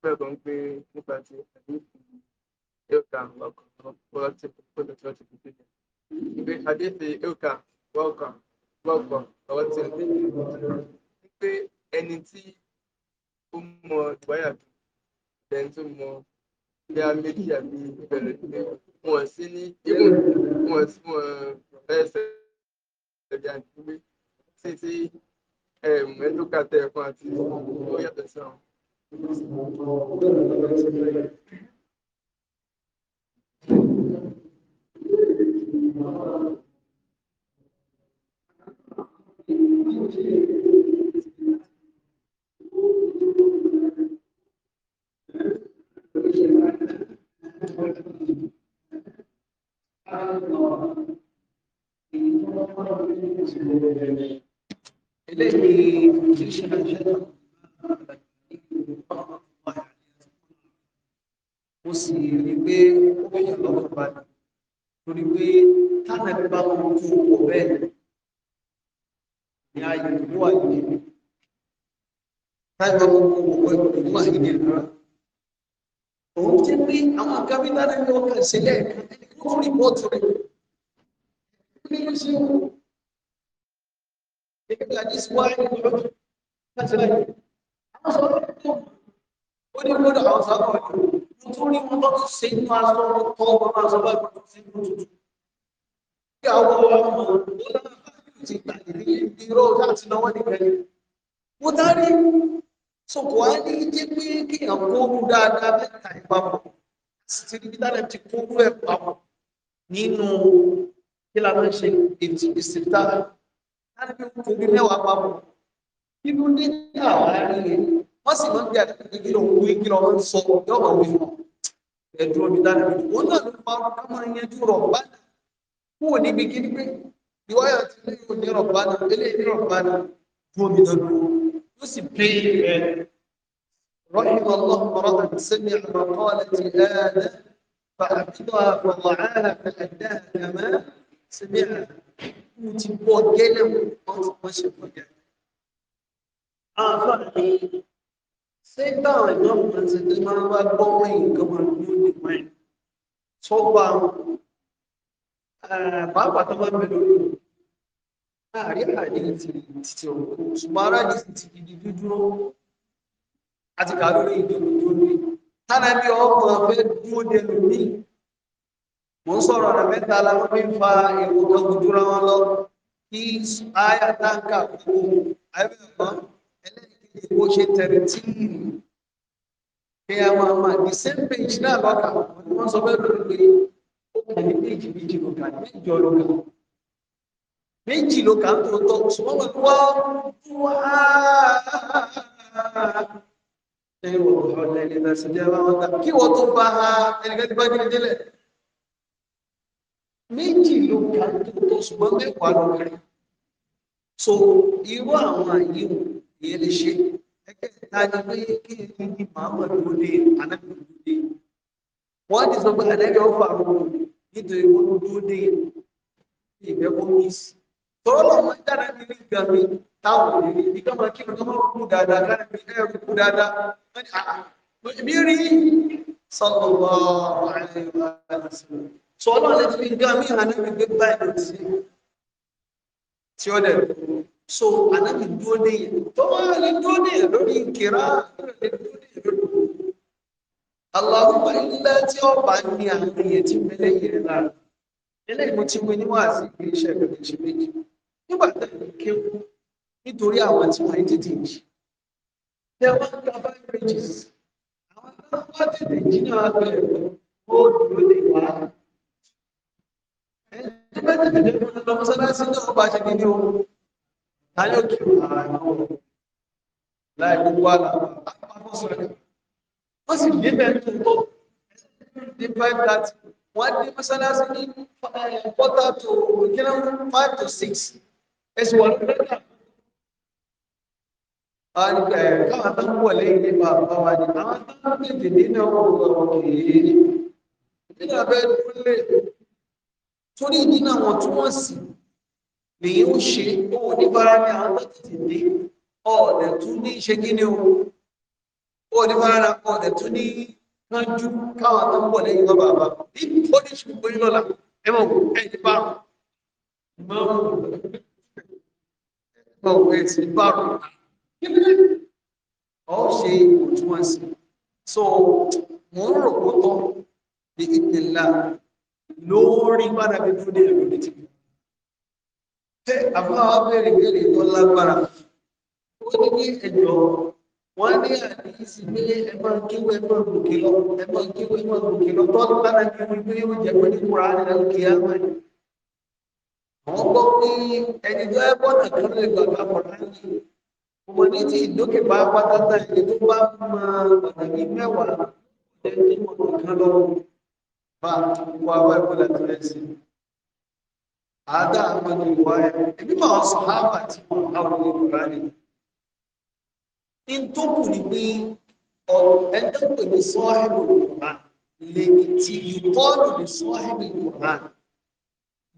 bẹ́ẹ̀ gan pé nípa ti àdéhùn ẹ̀ka wọ́ọ̀kan wọ́ọ̀kan ti kó lọ sí ọ̀tí pípé ìgbé àdéhùn ẹ̀ka wọ́ọ̀kan wọ́ọ̀kan ọ̀wọ́ ti rí pé ẹni tí ó mọ ìwáyà tó ẹni tó mọ bí a méjì àbí ìbẹ̀rẹ̀ ìbẹ̀rẹ̀. So, torí pé tánàbí bá mú tó wọ bẹ́ẹ̀ ni ayò ló wà ní táìpẹ́ mú kó wọ ẹ̀kọ́ tó wà ní ìlera òun ti pé àwọn àgábítà náà yóò kàn sílẹ̀ kó rí bọ́ọ̀tù rẹ̀ nínú sí wọn. Ebi àdìsí wáyé ní ọjọ́ láti láyé. Àwọn sọ̀rọ̀ tó wọ́n ní gbọ́dọ̀ àwọn sọ̀rọ̀ ọ̀dọ́ nítorí wọn bá tún ṣe nínú aṣọ ọkọ ọmọ aṣọ bá gbọ́dọ̀ sí inú tuntun kí àwọn ọmọ ti gbà ní irọ́ láti náwó nìkan yẹn mo dárí sọkò á ní jẹ́ pé kí àwọn kóòdù dáadáa mẹ́ta ìpapọ̀ sì ti níbi dáadáa ti kóòdù ẹ̀ papọ̀ nínú kí la máa ń ṣe ètò ìsìnká láti fi kóòdù mẹ́wàá papọ̀ nínú ní àwárí yẹn wọ́n sì máa ń gbé àtàkùn kí lóun wí kí lóun sọ yóò máa wí fún ẹ̀dùn omi dáná mi òun náà ló fa ọkọ máa yanjú rọ̀bá kú ò níbi kí ni pé ìwáyà ti ní ìwò ní rọ̀bá náà eléyìí ní rọ̀bá náà dùn omi náà dùn ó sì pé ẹ رحم الله امرأة سمع مقالة آن فحفظها فوعاها فأداها كما سمعها وتبقى جلم وتبقى شفقة آه ṣé táwọn ìmáàmù máa ń ṣe tí máa ń wá gbọ́ mẹ́yìn nǹkan máa ń yóò ní mẹ́yìn tó gba pàápàá tó máa ń bẹ̀rẹ̀ lórí láàrin àdéhùn ti títí ọ̀rọ̀ ṣùgbọ́n ará ní ti gidi dúdúró àti kàlórí ìdíwọ̀n lórí tánàbí ọkùnrin fẹ́ dúró dẹnu míì mo ń sọ̀rọ̀ ọ̀nà mẹ́ta láwọn fi ń fa ìwòkàn dúdúrà wọn lọ kí áyà kú ayọ́bẹ̀ẹ̀kan pé kó ṣe tẹ̀rẹ̀tìrì pé a máa máa the same page náà lọ́kà wọ́n sọ bẹ́ẹ̀ lórí pé ó kà ní méjì méjì ló kà méjọ ló kà méjì ló kà ń tó tọ́ ṣùgbọ́n wọn wá wá ẹ̀yìn wọ̀ ọ̀lẹ́ ní ìdásí jẹ́ wọn ta kí wọ́n tó bá ẹnìkan ti bá kí ni délẹ̀ méjì ló kà ń tó tọ́ ṣùgbọ́n mẹ́wàá ló kà so irú àwọn àyè wọn ìyẹn lè ṣe ẹgbẹ́ta ni pé kí ni ní màmá dúró dé anábì dúró dé wọ́n ti sọ pé anábì ó fà rọ̀ nítorí wọn dúró dé ìbẹ́ kó ní sí tọ́lọ́ lọ́wọ́ dára ní ní ìgbà mi táwọn òní ní ká máa kí ni ká máa kú dáadáa ká ní ẹ̀rù kú dáadáa mi rí sọ́lọ́wọ́ àìsàn sọ́lọ́ lè fi gá mi hàn ní gbígbá ìdọ̀tí tí ó dẹ̀ so anabi dúró déyìn tó máa lè dúró déyìn lórí kìrá lè dúró déyìn lórí aláwọ̀ ilé tí ó bá ní àríyàn tí mẹ́lẹ̀ yìí lára eléyìí mo ti wí níwọ̀n àti iléeṣẹ́ ìgbésẹ̀ méjì nígbà tá a kéwú nítorí àwọn tí wọ́n tètè jì tẹ wọ́n gba five àwọn tó wọ́n tètè jì náà bẹ̀rẹ̀ ó dúró lè wá. ẹni tó bá tètè jẹ́ fún ọmọ sọ́dá sí náà ó ṣe kí ni o táyọ kì í ara àwọn láì gbogbo àlà àpapọ̀ sọ̀rọ̀ wọ́n sì dé bẹ́ẹ̀ tó tọ́ dé five thirty wọ́n dé mọ́sálásí ní eh, quarter to kílẹ̀ five to six ẹ̀sìn wọ́n ló dẹ́ka. Eh, káwọn tó ń wọ̀ lẹ́yìn nípa àbá wa ni àwọn tó ń tètè dé náà lèyí ó ṣe òun ní bára ní àwọn tètè dé ọ̀ọ̀dẹ̀ tún ní ṣe kí ni o òun ní bára ọ̀ọ̀dẹ̀ tún ní kánjú káwọn tó ń bọ̀ lẹ́yìn lọ́ba àbá ní oníṣù pé lọ́la ẹ mọ̀ kó ẹ ti bá máa ń bọ̀ ẹ ti bá rò ọ ṣe òtúnwọ̀nsì so mo ń rò pọ̀ tán ní ìpínlẹ̀ lórí bára mi dúró dé ẹ̀rọ létí mi. Ṣé àbáwá bẹ̀rẹ̀ bẹ̀rẹ̀ tó lágbára? Ó ní ní ẹ̀jọ̀ wọ́n ní àdíyísí pé ẹ máa kíwọ ẹ máa gòkè lọ, ẹ máa kíwọ ẹ máa gòkè lọ, tọ́lú lára kí wọ́n pé ó jẹ́ pẹ̀lú ìwúra rẹ̀ òkè àwọn ẹ̀. Àwọn gbọ́ pé ẹni tó ẹ bọ́nà kan lè gbàgbà pọ̀lá yìí. Ọmọ ní ti ìdókè bá pátátá ẹni tó bá máa pàtàkì mẹ́wàá ẹni tó mọ̀ kan lọ́wọ́. Bá a wá ẹ̀kọ́ láti rẹ̀ هذا من رواية إنما الصحابة حول القرآن إن تقولي أن تقول لصاحب القرآن لكي يقال لصاحب القرآن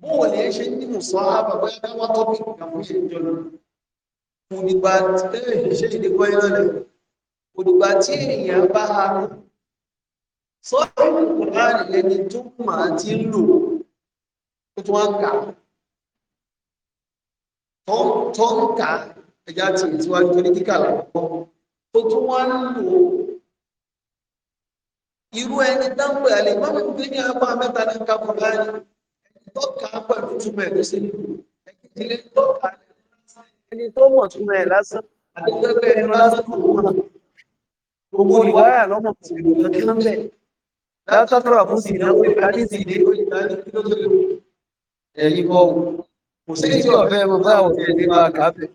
bóò lè ṣe ní mùsọ́lábà bóyá káwá tọ́pì ìgbàmú ṣe jọ lọ mo nígbà tẹ́lẹ̀ ṣe ìdí kọ́ iná lẹ̀ mo nígbà tí èèyàn bá ha lọ sọ́ọ́rì lẹni tó máa ti ń lò ó tí wọ́n ń kà tó ń kà ẹja tì síwájú tó ní kíkà lọ́pọ̀ tó tún wọ́n ń lò ó irú ẹni dáńpẹ́ àlẹ́ ìmọ̀ mi ní apá mẹ́ta ní kábùrá ni ẹni tó kà á pẹ̀lú túmọ̀ ẹ̀ ló ṣe lù ẹni tó kà á ẹni tó mọ̀ túmọ̀ ẹ̀ lásán àdéjọ́gbẹ́ ẹni lásán kò wọ́n gbogbo ìwáyà lọ́mọ sí ìlú kankan bẹ́ẹ̀ látọ́tọ́ àfúnṣe ìnáwó ìbánisí ìdí olùdarí kí ló tó lè wọ́n ẹ̀yìn bọ́ kò sí tí ọ̀fẹ́ mo bá òfin ní máa kàáfẹ́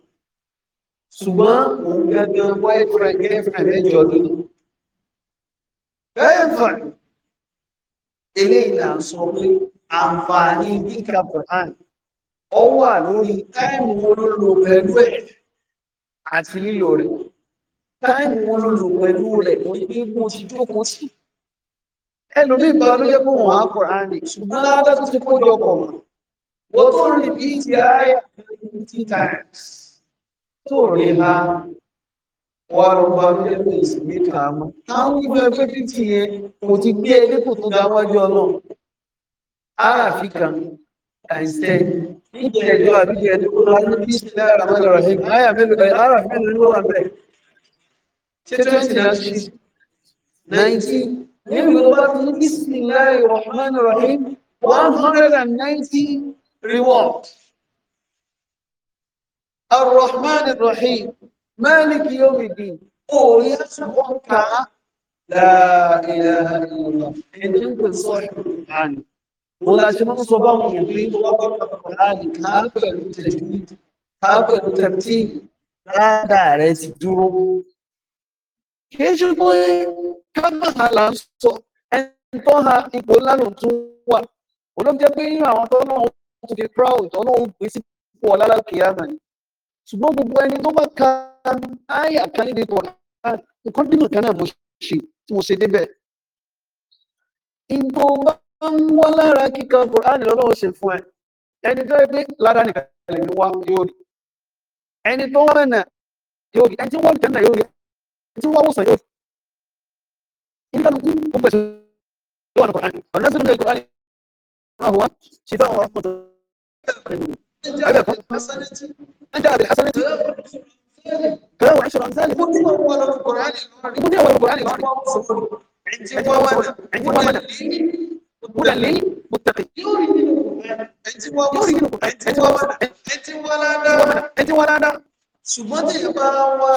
ṣùgbọ́n òun gangan boyfriend girlfriend ẹjọ́ lónìí girlfriend eléyìí là ń sọ pé àǹfààní kíkà Quran ó wà lórí táìmù wọn ló lò pẹ̀lú ẹ̀ àti lílò rẹ̀ táìmù wọn ló lò pẹ̀lú rẹ̀ lórí bí mo ti jókòó sí ẹlòmíì bá ló jẹ́ pé wọ́n á Quran ṣùgbọ́n ládá tó ti kó jọ kọ̀ wọ́n. 我都 repeat the ayah 20 times. E to reha, wàrùn wàrùn lẹ́gbẹ̀ẹ́ ìsinmi kàámọ́. Àwọn ìgbẹ́ ẹgbẹ́ fífì yẹn kò ti gbé ẹlẹ́kùn tó ga wájú ọlọ́run. Aráàfi kan, àìsẹ́, níjẹ́ ẹjọ́ àbíjẹ́ ẹdúkú láyé bí ìsinmi ara mẹ́lẹ̀ rẹ̀. Ayà mẹ́lẹ̀ rẹ̀, aráàfi mẹ́lẹ̀ ló wà bẹ́ẹ̀. Ṣé 20 náà ṣe 19? Nínú ìgbà tó ní ìsinmi láyé Rahman Rahim 190 reward arrahman rahim maliki yawmiddin òòyà ṣùgbọ́n ká la ilaha illallah ẹni ń pè sọ ìrìn mo la ṣe máa ń sọ báwọn òbí wọ́n bá bá Kùránì ká pẹ̀lú tẹ̀lé ká pẹ̀lú tẹ̀lé rádà rẹ̀ ti dúró. kìí ṣe pé kábàá là ń sọ ẹni tó ha ipò lánàá tún wà olóńjẹ pé nínú àwọn tó náà tún fi proud ọlọ́run pè sí pọ̀ lálàkè àmà ni ṣùgbọ́n gbogbo ẹni tó bá ka àyà kan níbi pọ̀ nǹkan dínà kan náà mo ṣe tí mo ṣe débẹ̀. ìbò bá ń wá lára kíkan Kùránì lọ́lọ́run ṣe fún ẹ ẹni tó yẹ pé lára nìkan lè ní wá yóò rí ẹni tó wọ́n mẹ́nà yóò rí ẹni tí wọ́n jẹ́ náà yóò rí ẹni tí wọ́n wòsàn yóò rí. nígbà tó kú ó pèsè lọ́wọ́ àná ọ̀nà sí هو شفاء ورحمة للمؤمنين أبدا أنت أبي الحسنة كلام عشر أمثال يكون أول القرآن يكون أول القرآن عندي وأنا عندي وأنا هدى للمتقين يوري منه عندي وأنا عندي وأنا عندي وأنا عندي وأنا ṣùgbọ́n tí ìbá wá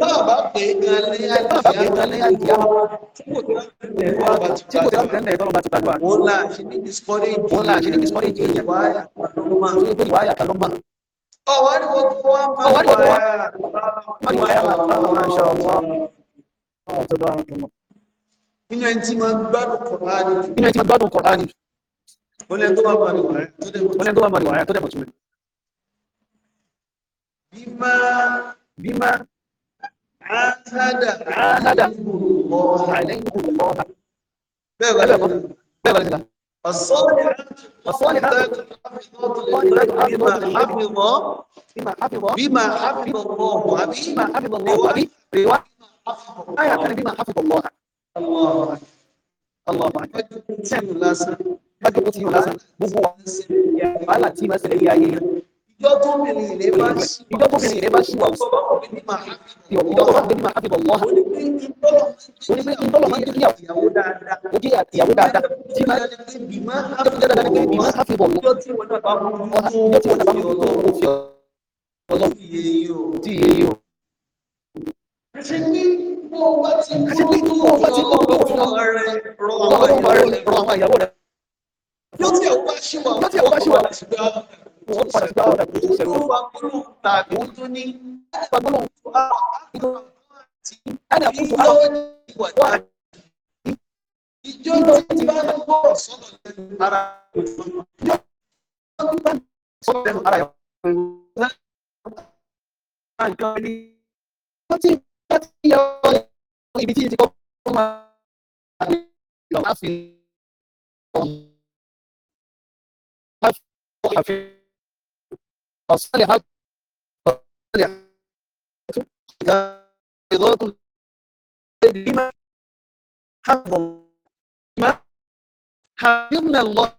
bàbá pé alẹ́ àjẹ́ àwọn tí kò tẹ́lẹ̀ ẹ̀kọ́ bá ti bàbá wọ́n láàṣí ní discourage wọ́n láàṣí ní discourage èèyàn wáyà kàlọ́mà wáyà kàlọ́mà ọ̀wọ́ ni wọ́n tó wá máa wáyà kàlọ́mà ṣe ọ̀wọ́ nínú ẹni tí máa gbádùn Kùránì Olè tó wà màrí wà rẹ̀ tó dẹ̀ mọ̀ túnmẹ̀. Bímá Bímá Áhádà Áhádà Àlẹ́kùnlọ́ha. Bẹ́ẹ̀ bá lẹ́gbẹ̀ẹ́. Ọ̀sọ́lẹ̀ Ọ̀sọ́lẹ̀ Bímá Háfìbọ̀ Bímá bá jòkó tí yóò lásán gbogbo wa ń ṣe wàhálà tí máa ṣẹlẹ̀ yíyá yẹn. ìjọ tó bìnrin ilé bá ṣì ìjọ tó bìnrin ilé bá ṣì wà ó. ìjọ tó bá bẹni máa hábìbọ̀ wọ́n. oní pé ìtọ́lọ̀ máa ń jẹ́ ìyàwó dáadáa. ó jẹ́ ìyàwó dáadáa. tí máa ń bí máa hábìbọ̀ wọ́n. ìjọ tí wọn náà bá mú un fi ọlọ́run. tí iye yìí o àti pé bó o bá ti kúrò lọ́wọ́ rẹ̀ rọ̀ àwọn ìyàwó rẹ̀. yóò tí ẹ̀wọ́ bá ṣí wọn yóò tí ẹ̀wọ́ bá ṣí wọn wọ́n padà sí báwọn tàbí tó sẹ́kọ̀ọ́. olùwà gbọ́dọ̀ tàbí tó ní ẹ̀ẹ́dẹ̀gbà gbọ́dọ̀ àti ẹ̀ẹ́dẹ̀gbà gbọ́dọ̀ àti ìjọ tí bá ń bọ̀ sọ́dọ̀ lẹ́nu ara ìjọ tí bá ń sọ́dọ̀ lẹ́nu ara ìjọ nǹkan ní wọ́n ti bá ti yọ ibi tí ti kọ́ fún wa láti lọ́ọ́ máa fi ọ̀hún. في الصالحات بيضات بما حفظ ما حفظنا الله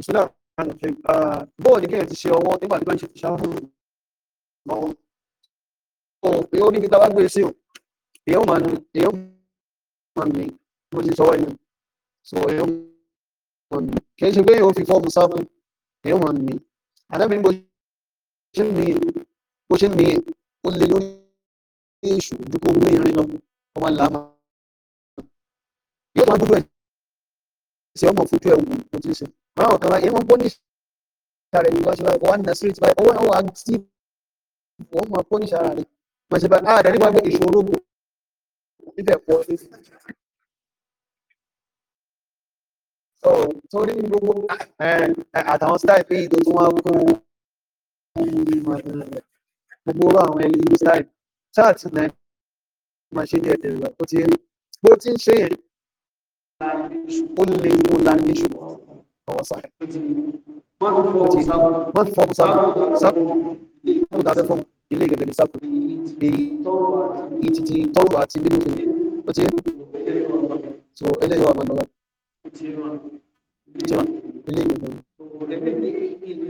ìṣẹ̀lẹ̀ àrùn ṣe bọ́ọ̀lù kẹ́yìn ti ṣe ọwọ́ nígbà tí wọ́n ṣe ti ṣáájú lọ́wọ́ ohun pé ó níbi tá a bá gbé sí o èèyàn máa ní èèyàn máa ní mo ti sọ ẹni so èèyàn máa ní kì í ṣe pé èèyàn fi fọ́ọ̀mù sáfù èèyàn máa ní àdàbí bó ṣe ń ní bó ṣe ń ní ó lè lórí èṣù ju kó ní ìrìn lọ ọmọ làámà yóò máa gbúdọ̀ ẹ̀ sí ọmọ fojú ẹ̀ wò ó ti ṣe àwọn kan báyìí wọ́n pọ́nìṣì ara rẹ̀ nìkan ṣe báyìí wọ́n na street báyìí owó àwọn àti wọ́n máa pọ́nìṣì ara rẹ̀ wọ́n ṣe báyìí ààrẹ nípa pé ìṣòro bò níbẹ̀ pọ̀ sí. torí gbogbo àtàwọn style pé ìdò tí wọ́n kún gbogbo àwọn ẹni ìlú style chart náà máa ṣe díẹ̀ díẹ̀ bó ti ń ṣe yẹn ó lè mú lánìí ṣùgbọ́n. وصح ما فوق سابق سابق kódà fẹ́ fọ́ọ̀mù ilé ìgbẹ̀gbẹ̀ ní sáàpù èyí ìtìtì tọ́rọ àti bínú ìpínlẹ̀ ó ti so eléyìí wà mọ́lọ́wọ́ ìtìwà ilé ìgbẹ̀gbẹ̀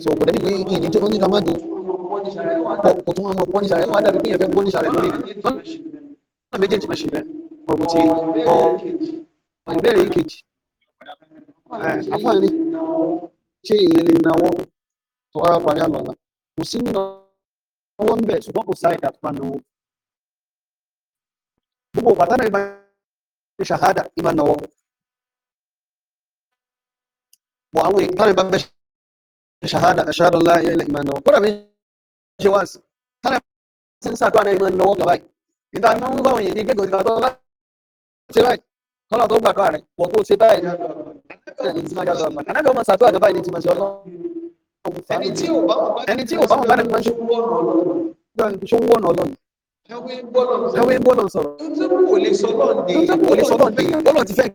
so kò dẹ́bí pé ìní tó ní kàmá di kò tún wọn pọ́nìṣà rẹ̀ wọ́n dàbí pé ìyẹ̀fẹ́ pọ́nìṣà rẹ̀ lórí náà méjèèjì máa ṣe bẹ́ẹ̀ ọ̀rọ̀ ti ọ̀ ìbéèrè ìkejì àfáàní ṣé ìyẹn lè náwó tó wá parí àlọ́lá kò sí náwó ń bẹ̀ ṣùgbọ́n kò sáà ìdàtúmá náwó gbogbo bàtánà ìbá ṣe ṣàhádà ìbá náwó bọ̀ àwọn ìtàn ìbá bẹ̀ ṣàhádà ashhadu an la ilaha illa ìbá náwó kódà mi ṣe wá sí tánà ìbá ṣe ń sàdúrà náà ìbá náwó gàbá yìí ìdá náwó báwọn yìí ní gẹ́gẹ́ òdìbà tó láti ṣe báyìí kọ́lá tó gbàgbà rẹ̀ pọ̀ tó ṣe báyìí anábì ọmọ sàdúrà àjọba ìdí ti mọ̀ sí ọlọ́run. ẹni tí ò bá wọn bá nàbí wọn ṣe ń wọ̀nà ọlọ́run. ẹwé ń bọ́lọ̀ sọ̀rọ̀. tuntun kò lè sọ lọ́ọ̀dì bọ́lọ̀ ti fẹ́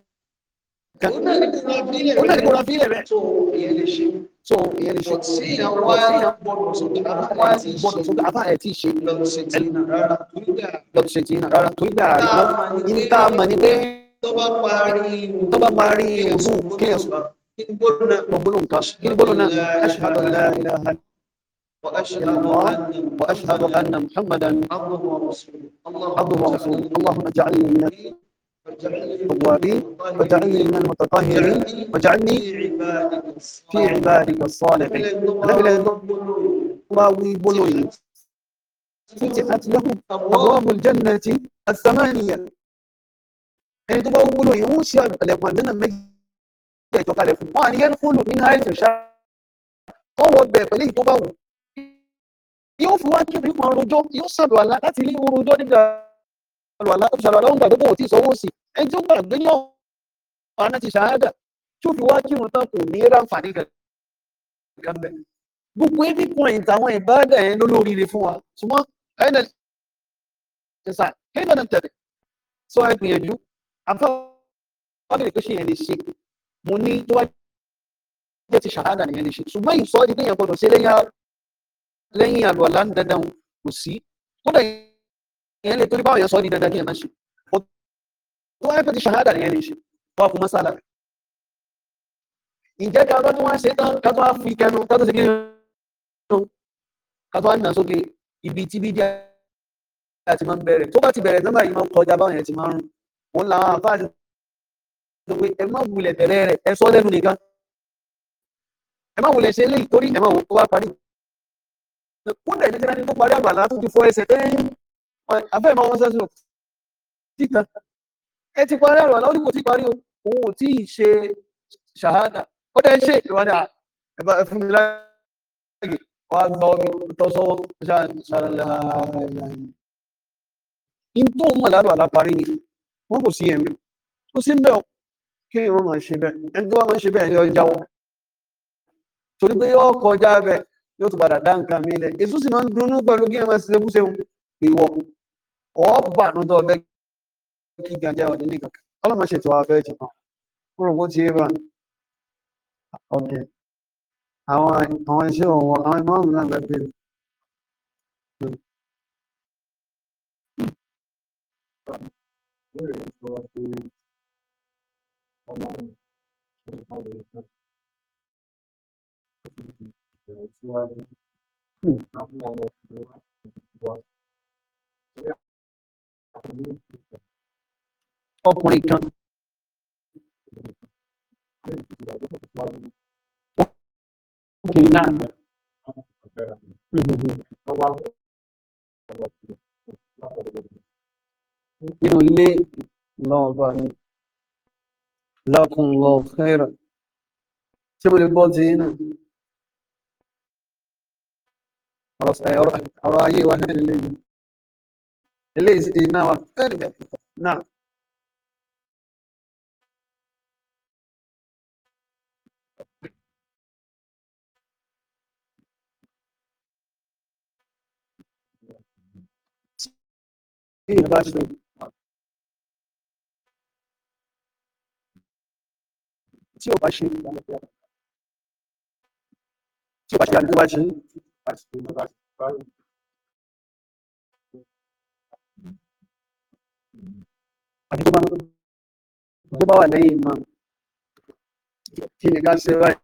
kan. ó náà ní kó ra fílẹ̀ rẹ̀. tó ìyẹn lè ṣe. tó ìyẹn lè ṣe. sí ìyàwó wa gbọ́dọ̀ sókè afá ẹ̀ tí ì ṣe. lọ́dún ṣe tí ì nà rárá tó ń dà. lọ́dún ṣe tí ì nà rárá tó ń dà. ní ká mọ̀ ní pé. tó bá parí tó bá parí òfin kí واشهد ان محمدا عبده ورسوله اللهم اجعلني من التوابين واجعلني من المتطهرين واجعلني في عبادك الصالحين ويبلغ فتحت له ابواب الجنه الثمانيه ẹni tó bá wúlò yìí ń ṣe àlẹ̀kùn àdínà méjì ẹ̀jọ̀ kalẹ̀ fún wọn àníyàn fúlù nínú àìsàn ṣá kọ́wọ́ bẹ̀ pẹ̀lú ìtó bá wù yóò fi wá kí obìnrin kan rojọ́ yóò sàlù àlá láti ilé ìwò rojọ́ níbi àlù àlá ó sàlù àlá ó ń gbàgbé bò tí ìsọwọ́ sí ẹni tí ó gbàgbé ní ọ̀hún àná ti ṣàádà tí fi wá kírun tán kò ní ráǹfààní gẹ̀gẹ̀ gbogbo every àfọwọ́bìnrin tó ṣe yẹn lè ṣe mo ní tó wá jẹ́ ti ṣàhádà nìyẹn lè ṣe ṣùgbọ́n ìsọ́ọ́dì pé yẹn gbọ́dọ̀ ṣe lẹ́yìn àlọ́ àlá ń dandan kò sí kódà yẹn lè torí báwọn yẹn sọ ní dandan kí yẹn má ṣe tó wáyé pé ti ṣàhádà nìyẹn lè ṣe wá fún mọ́sálà rẹ̀ ǹjẹ́ ká tó wá ṣe tán ká tó wá fi kẹnu ká tó ṣe kíni ká tó wá nà sókè ibi tí bí díẹ̀ àti máa ń bẹ̀rẹ̀ tó bá ti bẹ̀rẹ̀ nọ́mbà yìí máa ń kọjá òun làwọn àfáàsì tó pé ẹ má wulẹ̀ bẹ̀rẹ̀ rẹ̀ ẹ sọ lẹ́nu nìkan ẹ má wulẹ̀ ṣe léyìí torí ẹ má wò ó wá parí kódà ìdí tẹ́lá ní tó parí àgbàlá tó ti fọ ẹsẹ̀ tẹ́yìn afẹ́ ìmọ̀ wọn sẹ́sùn títà ẹ ti parí àgbàlá ó ní kò tí parí o òun ò tí ì ṣe ṣàhádà ó dẹ́ ṣe ìwádà ẹ̀bá fún mi láàyè wà á gba omi tó sọ ṣàlàyé. ìtò mọ̀ ni wọn kò sí ẹ̀mí kò sí bẹ́ẹ̀ kí wọ́n máa ṣe bẹ́ẹ̀ ẹni tó wọ́n máa ṣe bẹ́ẹ̀ yọ jáwọ́ torí pé yọ kọjá bẹ́ẹ̀ yóò tún padà dá nǹkan mi lẹ̀ èso sì máa ń dunnú pẹ̀lú kí ẹ máa ṣe búṣe ìwọ ọ̀ọ́bà ló tọ́ bẹ́ẹ̀ kí gàjà ọ̀dẹ́ nìkan ọlọ́mọ ṣètò abẹ́ ti kan wọ́n rò bó ti rà ọ̀dẹ̀ àwọn àwọn iṣẹ́ ọ̀wọ́ àwọn ìmọ̀ràn náà lọ bẹ̀rẹ̀. Thank hmm. you. experience for us to alone is probably so I think hmm. something I know to do was so yeah. Oh, when it comes. Okay, not. Mm-hmm. you know, you live, Lord, but Lord, Khaira. Somebody bought in. How are you? I had a lady. The lady tí ò bá ṣe tí ò bá ṣe àdúgbò bá ṣe àti tó bá wà lẹ́yìn ìmọ̀ kí ni ká ṣe báyìí.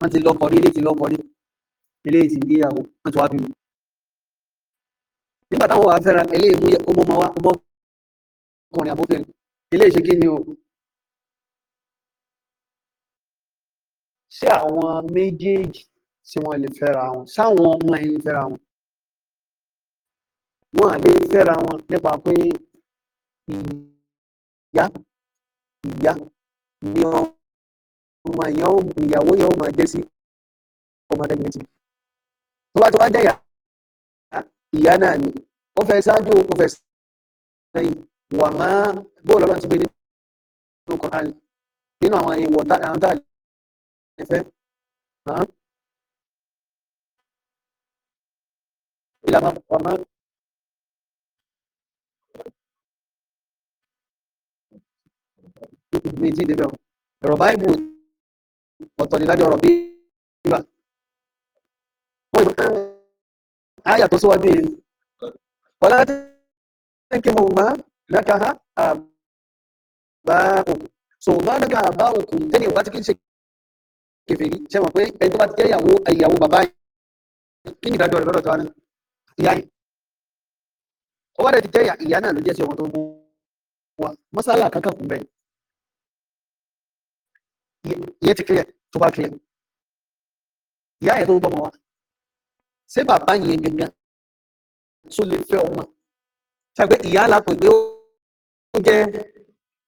wọ́n ti lọ́kọ rí eléyìí ti lọ́kọ rí eléyìí ti gbéyàwó wọ́n ti wá bímọ. nígbà táwọn wàá fẹ́ra eléyìí mú ọmọ ọmọ wa ọmọ ọkùnrin àbófẹ́rẹ́ eléyìí ṣe kí ni o. ṣé àwọn méjèèjì tí wọ́n lè fẹ́ra wọn ṣáwọn ọmọ ẹ̀yìn fẹ́ra wọn wọn lè fẹ́ra wọn nípa pé ìyá ìyá ni ọmọ ọmọ èèyàn ìyàwó yẹn ó máa jẹ́ sí ọmọ adẹ́gbẹ̀tì tó bá tó bá jẹ́yà ìyá náà ni ó fẹ́ ṣáájú ó fẹ́ sẹ́yìn wà má bóòlù ọlọ́run ti gbé nínú kọ̀ọ̀kan nínú àwọn ìwọ̀ àwọn tá a fẹ́ ìlànà wà má. Yorùbá ìbò ọ̀tọ̀ ni lábẹ́ ọ̀rọ̀ bí ìbà wọ́n ìbò kan àyà tó síwájú yìí ọ̀la tí kí mo máa dáka àbá òkú so máa dáka àbá òkú tẹ́lẹ̀ ìwà tí kì í ṣe kèfèrí ṣe mọ̀ pé ẹni tó bá ti jẹ́ ìyàwó ìyàwó bàbá yìí kí ni ìdájọ́ rẹ̀ lọ́dọ̀ tó wá ní ìyá yìí ó wá dẹ̀ ti jẹ́ ìyá náà ló jẹ́ sí ọmọ tó ń wa mọ́sálà kankan kù bẹ́ẹ̀ yẹn ti tó bá clear ìyá ẹ̀ tó ń bọ́mọ wa ṣé bàbá yẹn gangan tó lè fẹ́ ọmọ ṣàgbé ìyá alápègbè ó jẹ́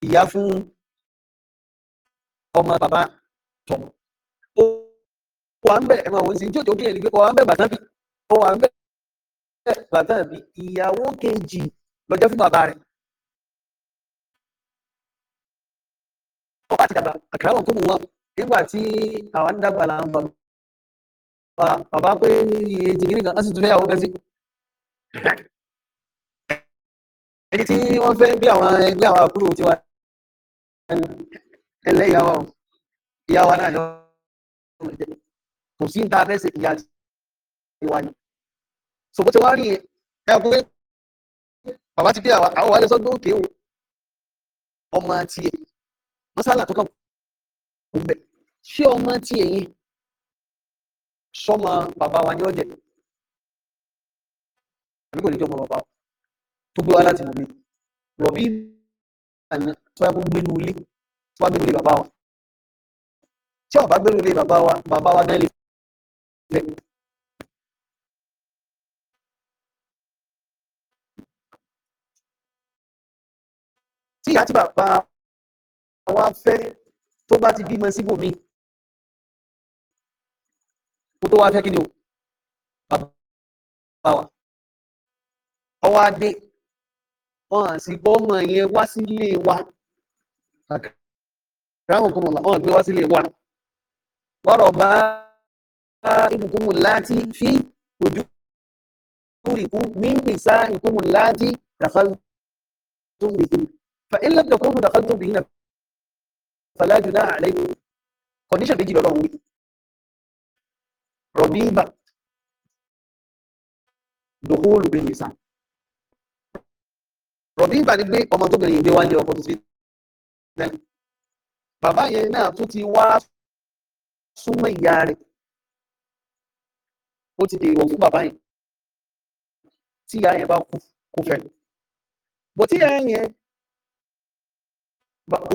ìyá fún ọmọ bàbá tọmọ ó wà ń bẹ ẹ máa wọ sí jòjò kí ẹni pé ó wà ń bẹ bàtà bí ó wà ń bẹ bàtà bí ìyàwó kejì lọ́jọ́ fún bàbá rẹ̀ bá ti dàgbà àkàràwọ̀ kò mú wọn nígbà tí àwa ń dàgbà là ń bọ̀ bàbá pé iye ti gírígan wọ́n fẹ́ àwọn kan sí. ẹni tí wọ́n fẹ́ bí àwọn ẹgbẹ́ àwọn àkúrò tiwa ẹlẹ́yà wa ìyá wa náà lọ kò sí ní ta fẹ́ ṣe ìyá tiwa ni. sọ̀bọ́ ti wá rí ẹ kó pé bàbá ti bí àwọn àwọn wa lè òkè o ọmọ tiẹ̀ masala tó kàn kò bẹ̀ ṣé ọmọ tí èyí sọmọ bàbá wa ni ó jẹ àbí kò ní jẹ ọmọ bàbá tó gbé wa láti mọ̀ mi rọ̀bí àná tó yẹ kó gbé inú ilé tó wá gbé inú ilé bàbá wa tí ọba gbé inú ilé bàbá wa bàbá wa gan lè fẹ́. tí ìyá tí bàbá àwọn afẹ́ tó bá ti bímọ síbòmí kó tó wá fẹ́ kí ni o bàbá wa ọwọ́ adé wọn à sì bọ́ ọmọ yẹn wá sílé wa ráhùn kọ́mọ̀ làwọn àgbẹ̀ wá sílé wa wọ́rọ̀ bá ibùkún mu láti fi ojú ìkú mí nìsa ìkú mu láti dàkàlù tó ń bìí fa ilẹ̀ dàkàlù dàkàlù tó ń bìí náà fàlájú náà àlẹ́ yìí condition méjì lọ́lọ́run wí rọ̀bíbà dòkóòlù bẹ́ẹ̀ nìsà rọ̀bíbà ni pé ọmọ tó bẹ̀rẹ̀ ìgbé wájú ọkọ̀ tó ti bẹ̀rẹ̀ bàbá yẹn náà tún ti wá súnmọ́ ìyá rẹ̀ ó ti dèrò fún bàbá yẹn tí ìyá yẹn bá kú fẹ́ bó tí ìyá yẹn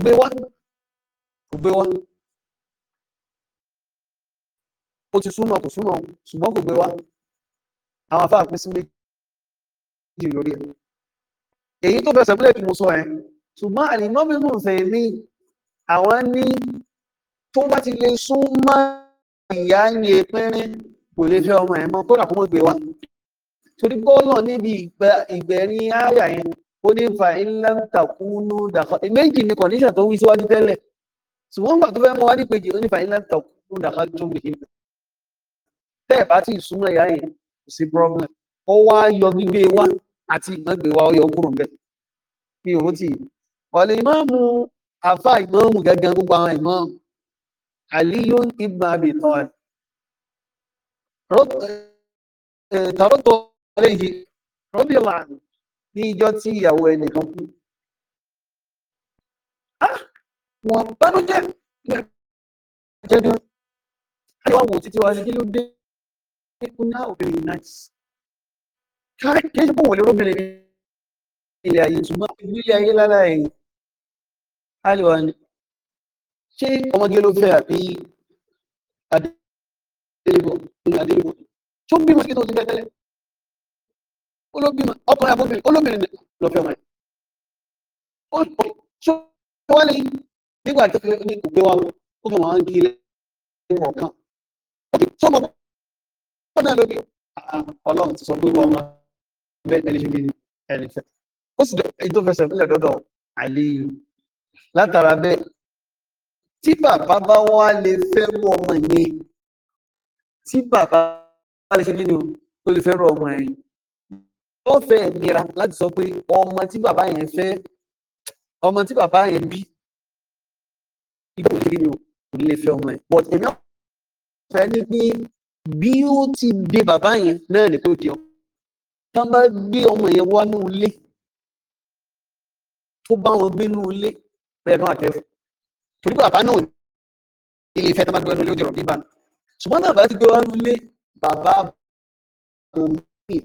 gbé wá kò gbé wá ó ti súnmọ́ kò súnmọ́ ṣùgbọ́n kò gbé wá àwọn afá àpín sí méjì lórí ẹ̀ èyí tó bẹ̀rẹ̀ sẹ́pẹ́lẹ̀ tí mo sọ ẹ̀ ṣùgbọ́n ànínábìnú ìfẹ́ mi àwọn ní tó bá ti lè súnmọ́ ìyá ń yẹ pẹ́rín kò lè fẹ́ ọmọ ẹ̀ mọ́ kó dà kó mọ́ gbé wá torí bọ́ọ̀lọ̀ níbi ìgbẹ̀rin ááyà yẹn ó ní fa ilẹ̀ ń takùnú dàkọ́ méjì ni kọ̀ndíṣà tó wí síwájú tẹ́lẹ̀ ṣùgbọ́n gbà tó fẹ́ mọ wá ní ìpèjì onífà ilẹ̀ tọ̀kùnrin náà ká tó wèé tẹ́ ẹ̀ bá ti súnmọ́ ìyá yẹn kò sí problem ó wá yọ gbígbé wa àti ìgbàgbé wa ó yọ kúrò ń bẹ̀ mi ò rántí wàlẹ̀ ìmáàmù àfa ìmáàmù gẹ́gẹ́ gbogbo àwọn ìmáàmù Aliyu ibn Abi Talib tàrọ́tọ̀ àlejì rọ́bì ọ̀làánù ní ìjọ tí ìyàwó ẹnìkan kú. Ah! wọn bànújẹ́ jẹ́ gan ayé wa wò títí wa ni kí ló dé nípa obìnrin náà kárí kí ẹ ṣe bọ̀ wọlé obìnrin ní ilé ayé ṣùgbọ́n ilé ayé lára ẹ̀yìn aliwa ni ṣé ọmọge ló fẹ́ àbí adélébọ̀ ní adélébọ̀ tó bímọ kí tó ti fẹ́ tẹ́lẹ̀ olóbìmọ ọkùnrin abóbìnrin olóbìnrin lọ́fẹ́ ọmọ ó sọ wọ́n nígbà tó kéré ní kò gbé wa wo ó mọ̀ wọ́n ń di ilé ọ̀kan. sọmọ bọ́ọ̀ náà lóbi ah, ọlọ́run ti sọ pé wọ́n máa bẹ́ẹ̀ ẹni ṣe ní ẹni fẹ́. ó sì tó fẹsẹ̀ nílẹ̀ dọ́dọ̀ àlèyé látara bẹ́ẹ̀ tí bàbá bá wá lè fẹ́ mú ọmọ yẹn tí bàbá bá lè ṣe nínú tó lè fẹ́ rọ ọmọ yẹn ó fẹ́ nira láti sọ pé ọmọ tí bàbá yẹn fẹ́ ọmọ tí bàbá yẹn bí ibi kò lè kí ni o kò lè fẹ́ ọmọ ẹ̀ but èmi ọ̀fẹ́ ni pé bí ó ti dé bàbá yẹn náà lè pé ó di ọmọ tá bá gbé ọmọ yẹn wá ní ilé tó bá wọn gbé ní ilé bẹ́ẹ̀ náà àtẹ́fù torí bàbá náà ilé ìfẹ́ tó bá gbé wọn lójú ọ̀rọ̀ bíbá ṣùgbọ́n náà bá ti gbé wá ní ilé bàbá òun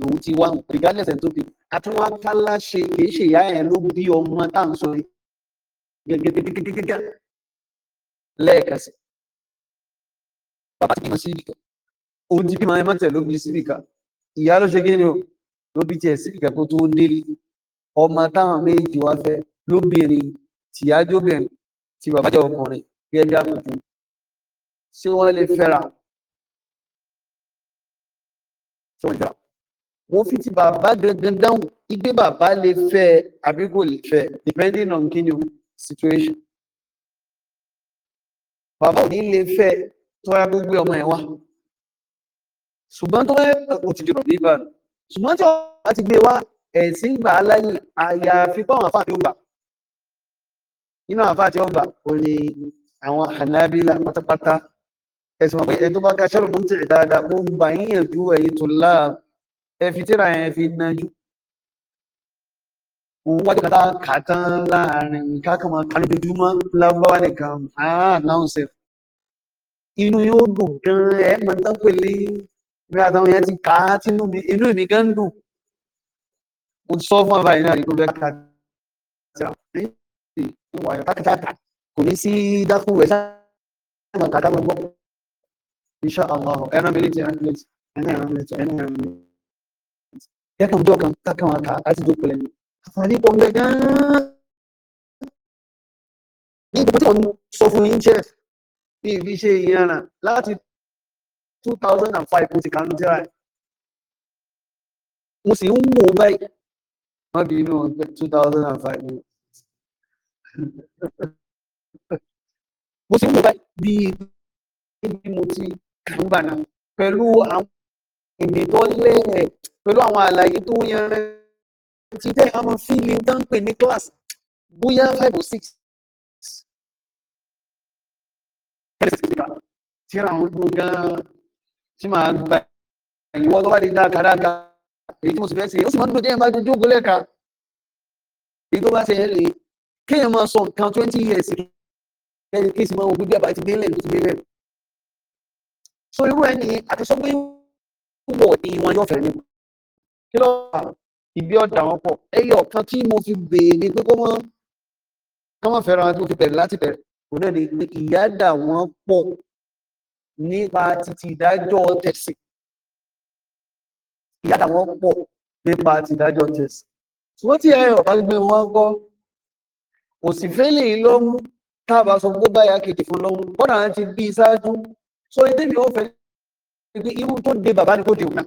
òun ti wá regardless ẹ̀ tó bí àtúwákálá ṣe kì í ṣe ìyá ẹ̀ ló bí ọmọ tá à ń sọ yìí gẹ́gẹ́ lẹ́ẹ̀kan sí bàbá ti bímọ síbì kan òun ti bímọ ẹ má tẹ̀ ló bí síbì kan ìyá ló ṣe kíni o ló bí tiẹ̀ síbì kan kó tó délé ọmọ táwọn méjì wá fẹ́ lóbìnrin tìyájóbìnrin tí bàbá jẹ́ ọkùnrin gẹ́gẹ́ bí àkùkù ṣé wọ́n lè fẹ́ra sọ́jà wọ́n fi ti bàbá gangan dáhùn igbe bàbá lè fẹ́ àbí kò lè fẹ́ depending on kíni o situation bàbá ò ní lè fẹ́ tó yá gbogbo ọmọ ẹ̀ wá ṣùgbọ́n tó yẹ kò ti dìbò bíbá nù ṣùgbọ́n tí ọba ti gbé wá ẹ̀sìn gbà á lẹ́yìn àyàfi kọ́ àwọn àfáàtì ọgbà nínú àfáàtì ọgbà ò ní àwọn Hanabila pátápátá ẹ̀sìn ọ̀pẹ ẹ̀ tó bá ka ṣẹ́rù tó ń tẹ̀ dáadáa ó ń gbà yín yẹn ẹ̀yìn tó láà ẹ̀ fi òun wájú kàtà kàtà láàrin kákan máa kàlù dojúmọ́ lábáwá nìkan àánáùnsẹ̀ inú yóò dùn gan ẹ máa ń tọ́pẹ̀ lé bí àtàwọn yẹn ti kà á tínú mi inú mi gan dùn mo sọ fún àbá yìí náà ní kó bẹ́ẹ̀ kàtà kàtà kò ní sí dákú ẹ̀ sáà máa kàtà máa gbọ́ insha allah ẹran mi létí ẹran mi létí ẹran mi létí ẹran mi létí yẹ kàn jọ kan tákàn wà kà á ti dókòlẹ́ mi àǹfààní pọ̀ ńbẹ gan-an ní gbogbo tí mo sọ fún yín jẹ́ bí ibi ṣe ìyànà láti two thousand and five mo ti kà ń jẹ́ rẹ̀ mo sì ń wò ó báyìí wọ́n bí inú two mo sì ń wò báyìí bí mo ti kà ń pẹ̀lú àwọn èdè pẹ̀lú àwọn àlàyé tó yanrẹ́. Today ọmọ fíìlì tán ní class bóyá five or six. Tíra àwọn gbogbo gan-an tí màá gba ìwọ tó bá di dáka èyí tí mo sì fẹ́ ṣe ó sì máa ń dùn jẹ́yìn bá dojú ògbó lẹ́ka èyí tó bá ṣe rè é kéèyàn máa sọ nǹkan twenty years kẹ́ni kí n sì máa wọ gbígbé àbá ti délẹ̀ ló ti délẹ̀. So irú ẹni àti sọ wọ̀ ni wọn yóò fẹ́ nípa kí ló wà ibi ọ̀dà wọn pọ̀ ẹyẹ ọ̀kan tí mo fi béèrè pé kó wọ́n ká wọ́n fẹ́ràn àti mo fi bẹ̀rẹ̀ láti bẹ̀rẹ̀ kò náà ni ìyáàdà wọn pọ̀ nípa títí ìdájọ́ tẹ̀sìn ìyáàdà wọn pọ̀ nípa ti ìdájọ́ tẹ̀sìn wọ́n ti ẹ̀rọ bá gbé wọn kọ́ kò sì fẹ́lẹ̀ ló mú tábà sọ pé báyà kejì fún lọ́wọ́ bọ́dà á ti bí ṣáájú so ètè mi ò fẹ́ irú tó de bàbá ni kò dé òun náà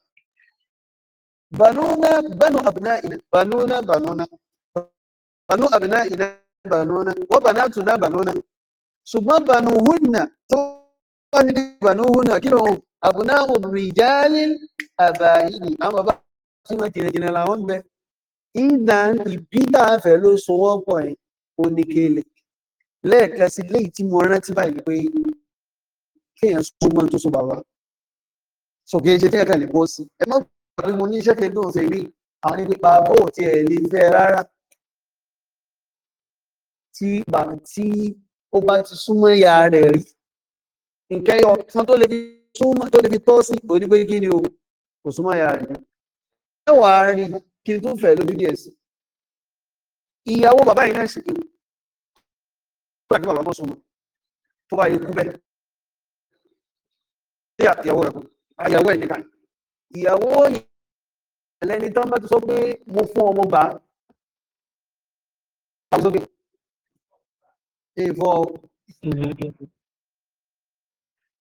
بنونا بنو أبنائنا بنونا بنونا بنو أبنائنا بنونا وبناتنا بنونا ثم بنوهن بنوهن كلهم أبناء الرجال الأبائين أما بقى ما جينا جينا لهم به إذن ìbídà fẹ́ ló sowọ́pọ̀ ẹ̀ oníkele lẹ́ẹ̀kan sí léyìí tí mo rántí báyìí pé kéèyàn súnmọ́ tó so bàbá sọ kéèyàn ṣe kéèyàn kàn lè bọ́ sí ẹ má àbí mo ní iṣẹ́ kí n dùn ṣe rí àwọn ní pípa bó ò tiẹ̀ lè fẹ́ rárá. tí bàbá tí ó bá ti súnmọ́ ìyá rẹ̀ rí nǹkan ọ̀kan tó lè fi súnmọ́ tó lè fi tọ́ sí kò ní pé kí ni o kò súnmọ́ ìyá rẹ̀ mẹ́wàá rí kí n tún fẹ́ lójú díẹ̀ sí ìyàwó bàbá yìí náà sì kí nígbà tí bàbá mọ́ súnmọ́ tó bá yẹ kú bẹ́ẹ̀ sí àtìyàwó rẹ̀ kú àyàwó ẹ̀ nìkan ìyàwó ìyàlẹ́ni tán bá ti sọ pé mo fún ọmọ gbà á sókè ìfọ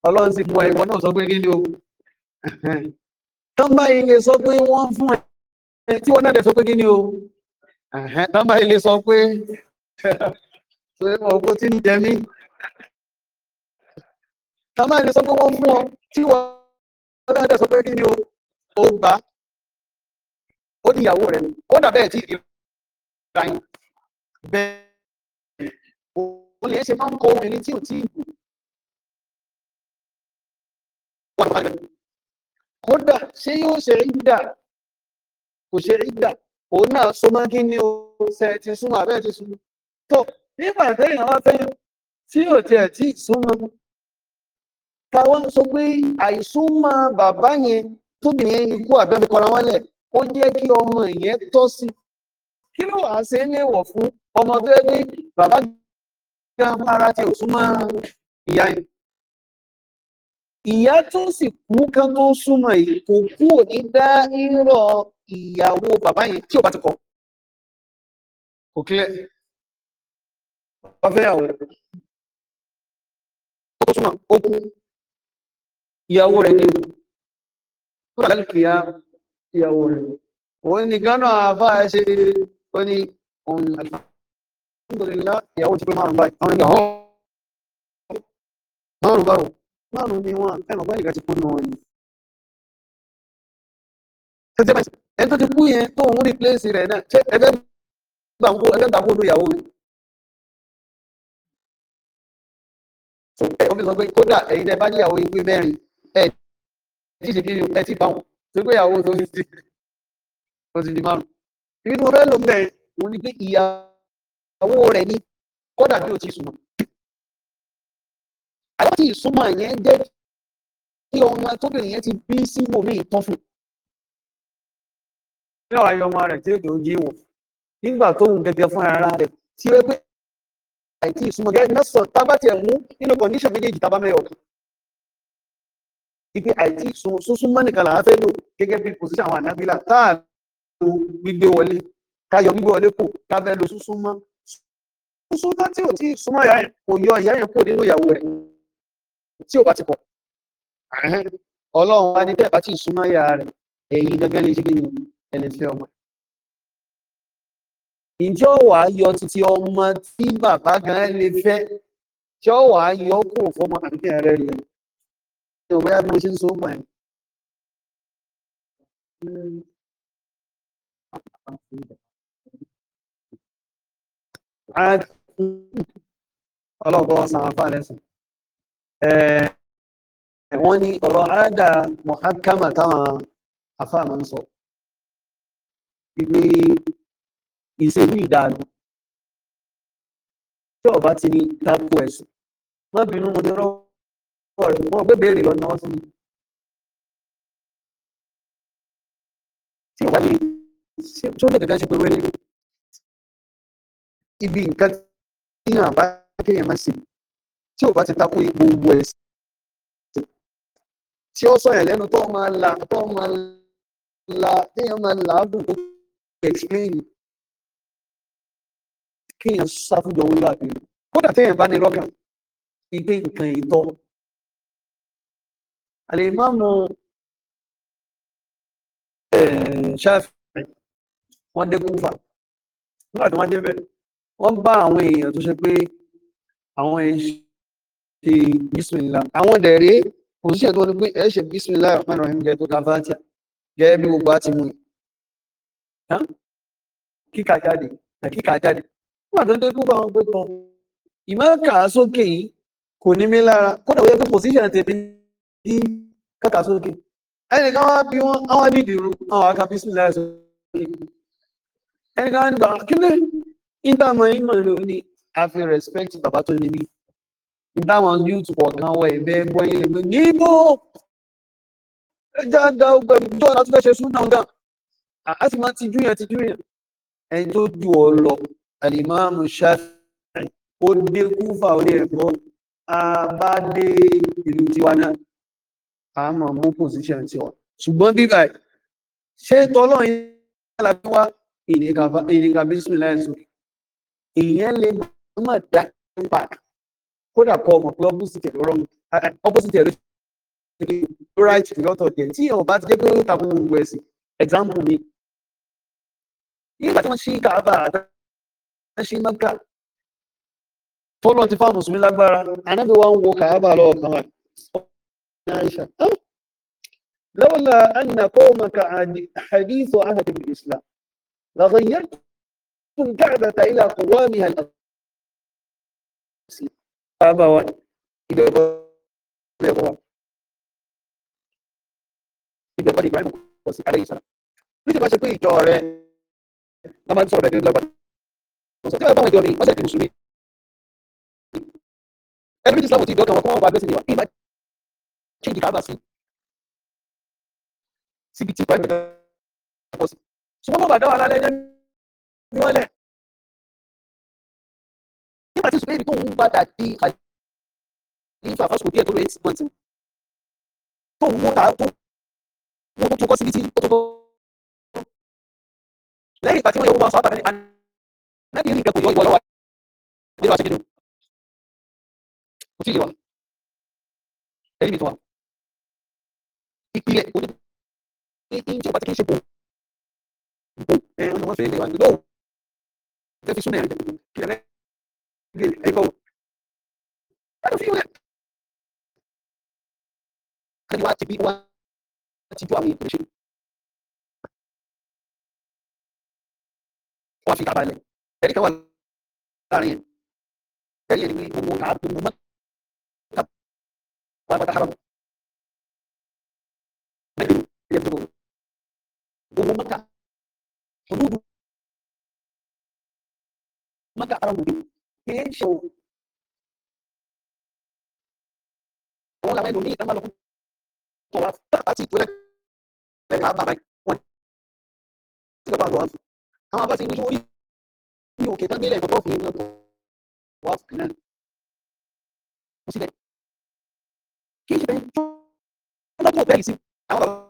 ọlọ́run sì mú ẹ̀wọ̀n náà sọ pé kí ni o tán bá ilé sọ pé wọ́n fún ẹ tí wọ́n náà lè sọ pé kí ni o tán ilé sọ pé ṣe ọkọ tí ń jẹ mí tán ilé sọ pé wọ́n fún ọ tí wọ́n náà lè sọ pé kí ni o. ó gba ó ní ìyàwó rẹ̀ ni kódà bẹ́ẹ̀ tí ìrírà bẹ́ẹ̀ ó lè ṣe máa ń kọ obìnrin tí ò tí ì bù kódà ṣé yóò ṣe ìdá kò ṣe se òun náà so mọ́ kí ni o ṣe ti súnmọ́ abẹ́ ti súnmọ́ tó nígbà téèyàn wá fẹ́ tí ò tiẹ̀ tí ì súnmọ́ sọ pé àìsúnmọ́ bàbá tóbìnrin ikú àbẹ́bí kọra wọn ó jẹ́ kí ọmọ ìyẹn tọ́ sí kí ló wàá ṣe é léèwọ̀ fún ọmọ tó yẹ pé bàbá gan ara tí ò súnmọ́ ìyá yìí ìyá tó sì kú kán tó súnmọ́ yìí kò kú ò ní dá irọ́ ìyàwó bàbá yẹn tí ò bá ti kọ̀ kò kílẹ̀ ọfẹ́ ìyàwó ó súnmọ́ ó kú ìyàwó rẹ̀ ní ìlú. lálùkìyà ìyàwó rẹ̀ òun ni gánà àbá ẹ ṣe ó ní ohun àlùfáà ìyàwó ti pé márùn báyìí àwọn ìyàwó márùn báwo márùn ni wọn ẹnà báyìí ká ti kú nù wọn ni. ẹni tó ti kú yẹn tó òun replace rẹ̀ náà ṣé ẹgbẹ́ gbàgbó ẹgbẹ́ gbàgbó ló yàwó rẹ̀. ọ̀fíìsì sọ pé kódà ẹ̀yin tẹ́ bá níyàwó yín pé mẹ́rin ẹ̀ ti ṣe kiri ẹ ti bá wọn tó gbé ìyàwó tó ti di tó ti di márùn. ibi tí mo fẹ́ lò ń bẹ̀ òun ni pé ìyàwó rẹ̀ ni kódà bí o ti sùn mọ́. àyọ̀ tí ìsúnmọ̀ yẹn jẹ́ kí ọmọ tóbìnrin yẹn ti bí sí mòmí ìtọ́ fún. ní ọ̀rọ̀ ayé ọmọ rẹ̀ tí èdè ojú ìwọ̀n nígbà tó ń gẹ́gẹ́ fún ara rẹ̀ tí ó pé àìtí ìsúnmọ̀ gẹ́gẹ́ mẹ́sàn-án tábàtì ẹ̀ mú nínú kọ̀ndíṣàn méjèèjì tábàmẹ́yọ̀ kan ike àìtí sunsun mọ́nìkan là á fẹ́ lò gẹ́gẹ́ bí pòsíṣàn àwọn ànábìlà tá à lo gbígbé wọlé ká yọ gbígbé wọlé kù ká fẹ́ lo sunsun mọ́ sunsun tá tí ò tí súnmọ́ ìyá yẹn kò yọ ìyá yẹn kúrò nínú ìyàwó rẹ̀ tí ò bá ti pọ̀ ọlọ́run wa ní bẹ́ẹ̀ bá ti súnmọ́ ìyá rẹ̀ ẹ̀yin gẹ́gẹ́ lè ṣe ẹni fẹ́ ọmọ ǹjẹ́ ọ̀wà yọ títí ọmọ tí bàbá gan lè fẹ́ ṣọ́wà yọ kò fọmọ àbíkẹ́ bóyá bí mo ṣe ń so mọ̀ ẹ́. ọlọ́ọ̀bọ san afá lẹ́sìn. wọ́n ní ọ̀rọ̀ àádà mọ̀hákámà táwọn afá máa ń sọ. ìgbé ìṣèlú ìdáná tí ọba ti ní tako ẹ̀sùn. má bínú mo ti rọ́ọ̀. rẹ̀ wọ́n gbé béèrè lọ náà fún mi. tí ìwà yìí tí ó lè kankan ṣe pẹ̀lú ẹni ibi nǹkan tí yàn bá kéèyàn máa ṣe tí ò bá ti takò ipò owó ẹ̀sìn tí ó sọ̀yàn lẹ́nu tó máa la tó máa la téèyàn máa làágùn tó explain kéèyàn sáfùjọ owó láàbí kódà téèyàn bá ní lọ́gàn ìgbé nǹkan ìtọ́ alimamu ṣáfì wọ́n dé بعد ما tí wọ́n débẹ̀ wọ́n bá àwọn èèyàn tó ṣe pé àwọn ṣe bísmìlá àwọn dẹ̀rẹ́ òṣìṣẹ́ tó ní pé ẹ ṣe bísmìlá ìpínlẹ̀ ọ̀hún jẹ́ tó ká fàtíà gẹ́gẹ́ bí gbogbo àti mú kíkà jáde kíkà jáde nígbà tó ń dé kúfà wọn pé kan ìmọ̀ kà á sókè yìí kò ní mí lára kódà ó yẹ pé pòsíṣàn tèmi bí kàkà sókè ẹnìkan wá bí wọn àwọn nídìí ru àwọn àga bísílẹ̀ ẹ̀sọ́ ẹnìkan wá nígbà kí ló ń tà mọ́ ìmọ̀ ló ní àfi respect bàbá tó ní ní ìdáwọn yúùtù kọ̀ọ̀kan wọ ẹ̀bẹ̀ ẹgbọ́n yẹn lè níbo ẹja da ọgbẹ́ ìjọ láti fẹ́ ṣe sún náà gà á sì máa tijú yẹn tijú yẹn ẹni tó ju ọ lọ àlìmáàmù ṣáfì ó dé kúfà orí ẹ̀gbọ́n abá dé ìlú tiwa náà a mọ̀ mú position tiwa ṣùgbọ́n bíbá ṣé tọ́lọ́ yín láti wá ìnìkà bísímìláì sókè ìyẹn lè mọ̀ dá nípa kódà kọ ọmọ pé opposite ẹ̀rọ wrong opposite ẹ̀rọ ṣe right lọ́tọ̀ jẹ́ tí ọba ti dé pé ó takò gbogbo ẹ̀sìn example mi nígbà tí wọ́n ṣí kàábà àtàwọn ṣí mọ́kà tọ́lọ́ ti fáwọn mùsùlùmí lágbára anábì wa ń wo kàábà lọ́ọ̀kan عائشة أو لولا أن قومك عن حديث عهد الإسلام لغيرت الكعبة إلى قوامها الأرض. change the calabar sí ibi tí ìkọ́ ẹ̀mí pọ̀ sí. ṣùgbọ́n bàbá dáwọ́ alálẹ́ jẹ́ níwọ̀lẹ̀. nígbà tí sùpéèrè tó ń padà di àlífà fásitì díẹ̀ tó lè eight months tó ń wọ́n tó wọ́n tó kọ́ síbi tí ó tó bọ́. lẹ́yìn ìgbà tí wọ́n yẹ owó wọn sọ àbàmì anábìyẹn nìkan kò yọ ìwọ lọ́wọ́ àdéhùn àṣekínú. kò ẹ̀rí mi tó wà ìpìlẹ̀ kò ní ní tí ò bá ti kí ń ṣe bòun bòun ẹran ni wọ́n fẹ́ lé wa nígbà òun tẹ́ fi súnmọ́ ẹ̀rọ ìjẹun kí ẹ̀rẹ́ gé ẹ̀yìn bọ̀ òun. ẹ̀rọ fi wẹ̀ ẹni wá ti bí wá ti bú àwọn èèyàn kò ṣe. wọ́n fi kábàlẹ̀ ẹ̀rí kan wà láàrin yẹn ẹ̀rí yẹn ni owó àgbò mọ́ kábàlẹ̀ ya fito gobe maka hudu maka a rubutu ke yin shawo wọn làwọn ẹlòmíì náà máa lọ fún tọwọ àti ìtúrẹ lẹ́yìn àbàbà wọn ti lọba àwọn àwọn abá ti ní orí ní òkè tán délẹ̀ ìfọwọ́ fún ìmọ̀ wà fún náà wọ́n sílẹ̀ kí ìṣẹ̀lẹ̀ tó lọ́pọ̀ bẹ́ẹ̀ sí àwọn bàbá.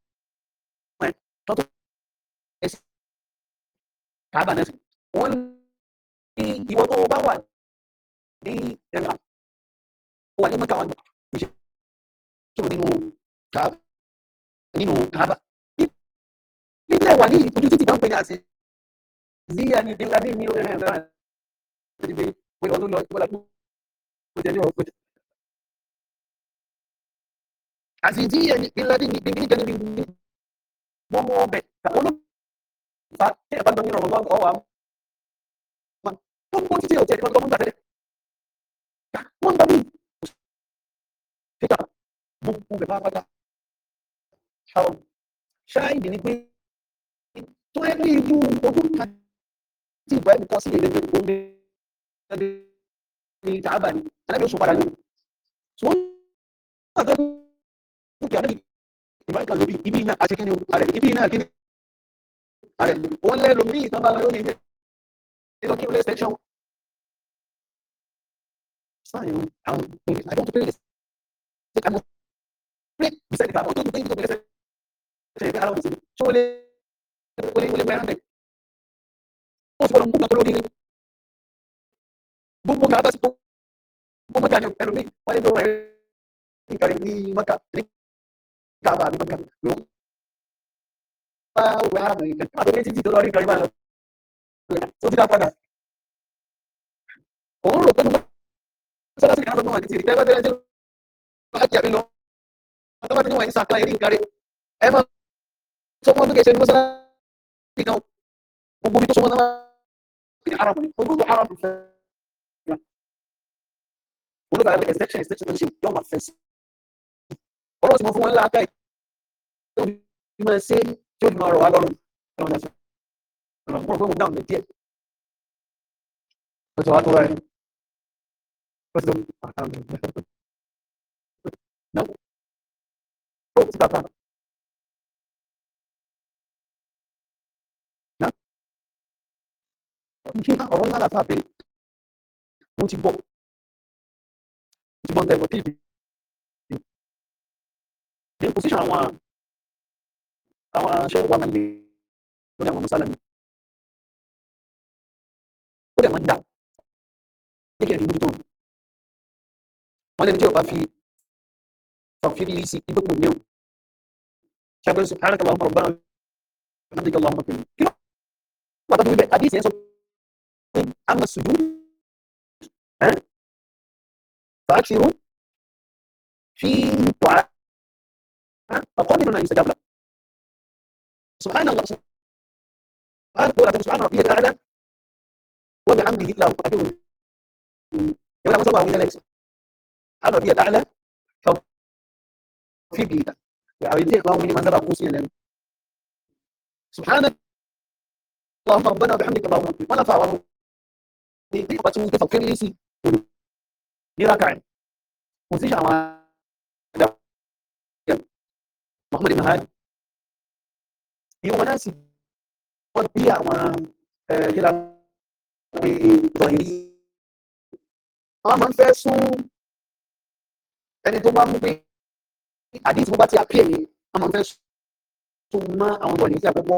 tọ́tù ẹ̀sìn kábà náà sì wọ́n ní ìwọ tó bá wà ní ẹ̀rọ wà ní mọ́tà wọn ní ìṣe kí nínú kábà nínú kábà nílẹ̀ wà ní ìtújú títí náà ń pè ní àṣẹ sí ẹni tí lábí ní orí ẹ̀rọ ti gbé pé ọdún lọ ìwọ́n lápò ó tẹ̀lé ọ̀pọ̀ tẹ̀lé. àṣìṣí ẹni tí lábí ní gbígbí wọ́n mú ọbẹ̀ àwọn olóòfà tí ẹ̀ bá gbọ́n nínú ọ̀rọ̀ lọ́wọ́ ọ̀wà wọn tó ń kó títí ọ̀tí ẹ̀dínwó tó ń gbà tẹ́lẹ̀ wọ́n gbà mí fíkà gbogbo bẹ̀ pátápátá ṣáwọn ṣáìdì ni pé tó ẹ ní irú ojú kan tí ìgbà ẹ̀mí kọ́ sí èdè tó ń bẹ ní tààbà ní alábẹ́ oṣù padà ní. que ibi a aṣekínni ààrẹ ó káwa àbí kọ́ńtà ló bá òwe arábìnrin kan àti orí títì tó lọ rí kan rí máa lọ tó ti dá padà. òun rò pé mo sọ́dọ̀ sí ìdáná ọmọ títì rí tẹ́gbẹ́ tẹ́lẹ̀ tí wọ́n á jẹ́ àbí lọ. ọ̀tọ́ bá ti ní wọ̀nyí sàkà eré nǹkan rẹ̀ ẹ máa sọ fún ọdún kẹsẹ̀ ní mọ́sálásí kan gbogbo mi tó sọ wọn náà ní arákùnrin ogún arákùnrin fẹ́ẹ́ olùkọ́ àgbẹ̀ exception exception tó ń ṣe yọ̀ọ́ máa fẹ́ sí i ọlọ́run ti mọ fún wọn ńlá káì tó fi máa ṣe tí ó fi máa rọ̀ wá lọ́rùn ọ̀nà ìfẹ́ ọ̀nà fún ọ̀gbọ́n dáhùn ní díẹ̀ ó ti wá tó rẹ̀ ó ti tó náà ó ti bàbá. ọ̀rọ̀ ńlá mo ti gbọ́ mo ti gbọ́ ń tẹ̀ mọ́ tí The imposition àwọn àwọn aṣẹ́wó wà láyé lórí àwọn mùsàlámì ó dẹ̀ máa ń dà jẹ́ kí ẹ fi mójútó wọn lẹ́ni tí ò bá fi tọ̀fíìrì sí ìgbókùn ní o ṣàgbọ́n sí àárẹ̀ kàwọn ọmọ ọ̀gbọ́n àti ọmọ ọ̀gbọ́n kí ló wà tó wíbẹ̀ àdìsí ẹ̀ sọ pé a máa sùjú fàákìrú fi ń tọ́ فقامل أن يستجاب له سبحان الله سبحان الله سبحان ربي الأعلى وبحمده الله أكبر يوم ما سواه من ذلك سبحان ربي الأعلى في بيتا وعاوزين يعني الله مني منزل أبوسي لنا سبحانك اللهم ربنا وبحمدك اللهم ولا فاعل دي بس ممكن تفكر لي سي دي ركعه وزي جماعه Muhammad ibn Hadi irú wọn náà sì wọ́n bí àwọn kíra pé tọ̀yìnrí wọ́n máa ń fẹ́ sún ẹni tó bá mú pé àdéhùn tó bá ti appear ni wọ́n máa ń fẹ́ sún mọ́ àwọn tọ̀yìnrí tí àkọ́kọ́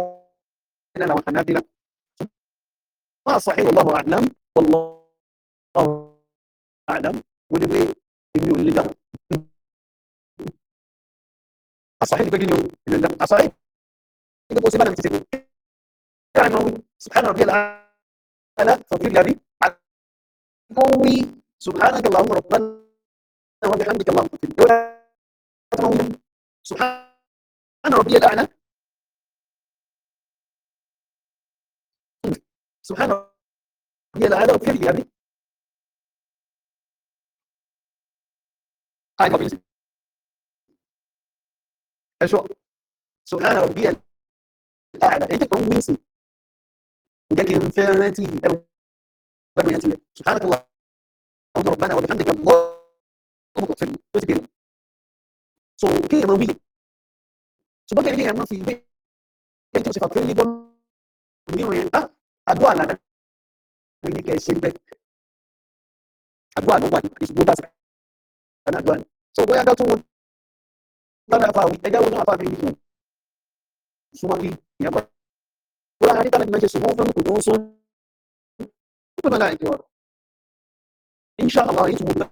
ẹ̀dá làwọn kan náà bí náà. wọ́n sọ ẹ̀yìn Allahu a'lam Allahu a'lam wọ́n ní pé èmi ò lè dáhùn. الصحيح أصحيح الصحيح يبقوا أنا نكتسبه كان هو سبحان ربي الاعلى تفضيل هذه قوي سبحانك اللهم ربنا وبحمدك اللهم الدولة سبحان ربي الاعلى سبحان ربي الاعلى وبحمدك هذه آية Perciò Solana Obi ẹ̀ láàdá èyí tó ń wí sí ǹjẹ́ kí n fẹ́ rántí ẹ̀rù gbàgbé yẹn tilẹ̀ Solana tó wà ọmọ ọ̀gbá náà wọ̀nyí káńtẹ̀ gbọ́ ọmọ kò fẹ́ mi tó ti bẹ̀rẹ̀ so kí èèyàn máa wí ṣùgbọ́n kí èèyàn máa fi gbé ètò ìṣèkọ̀ pé ní gbọ́n mìíràn yẹn bá àdó àlàdá pé ní kẹ́ ẹ ṣe bẹ́ àdó àlọ́ wà ní ìṣùgbọ́n bá sí àdó àlọ́ so bóyá dá tó wọn tọ́lá àfa àwọn ẹgbẹ́ wo náà àfa mi nìkú súnmọ́ kí ìyá bọ̀. wọ́n á rí tọ́lá ìgbà ṣe sùn wọ́n fẹ́ kò tó ń sún. Allah pè mọ́lá ìdí ọ̀rọ̀. inṣà àwọn èyí tó mú bá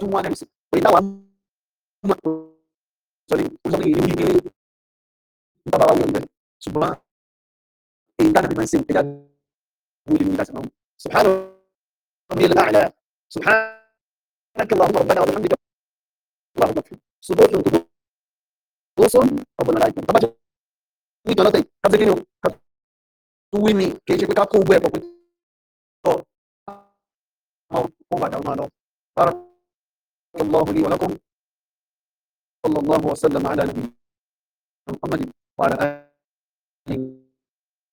tó mú àná ìsìn èyí táwa mú àpò sọlẹ̀ òṣèlú ìlú yìí kéré bàbá wa wọ̀ ìbẹ̀ ṣùgbọ́n èyí dáná bí máa ń ṣe ìpínlẹ̀ àdúgbò ìlú ìdásí náà. سبحان ربي الأعلى سبحانك اللهم ربنا وبحمدك اللهم اغفر صدور Ozone of Unalive. Tọ́ba ṣe ní ìjọ lọ́tẹ̀ ká ṣe kí ni o ká tún wí ni kì í ṣe pé ká kó gbọ́ ẹ̀kọ́ pé tọ́ ọmọ bàdà máa lọ. Bára الله لي ولكم صلى الله وسلم على نبينا محمد وعلى آله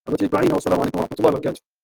وصحبه أجمعين والسلام عليكم ورحمة الله وبركاته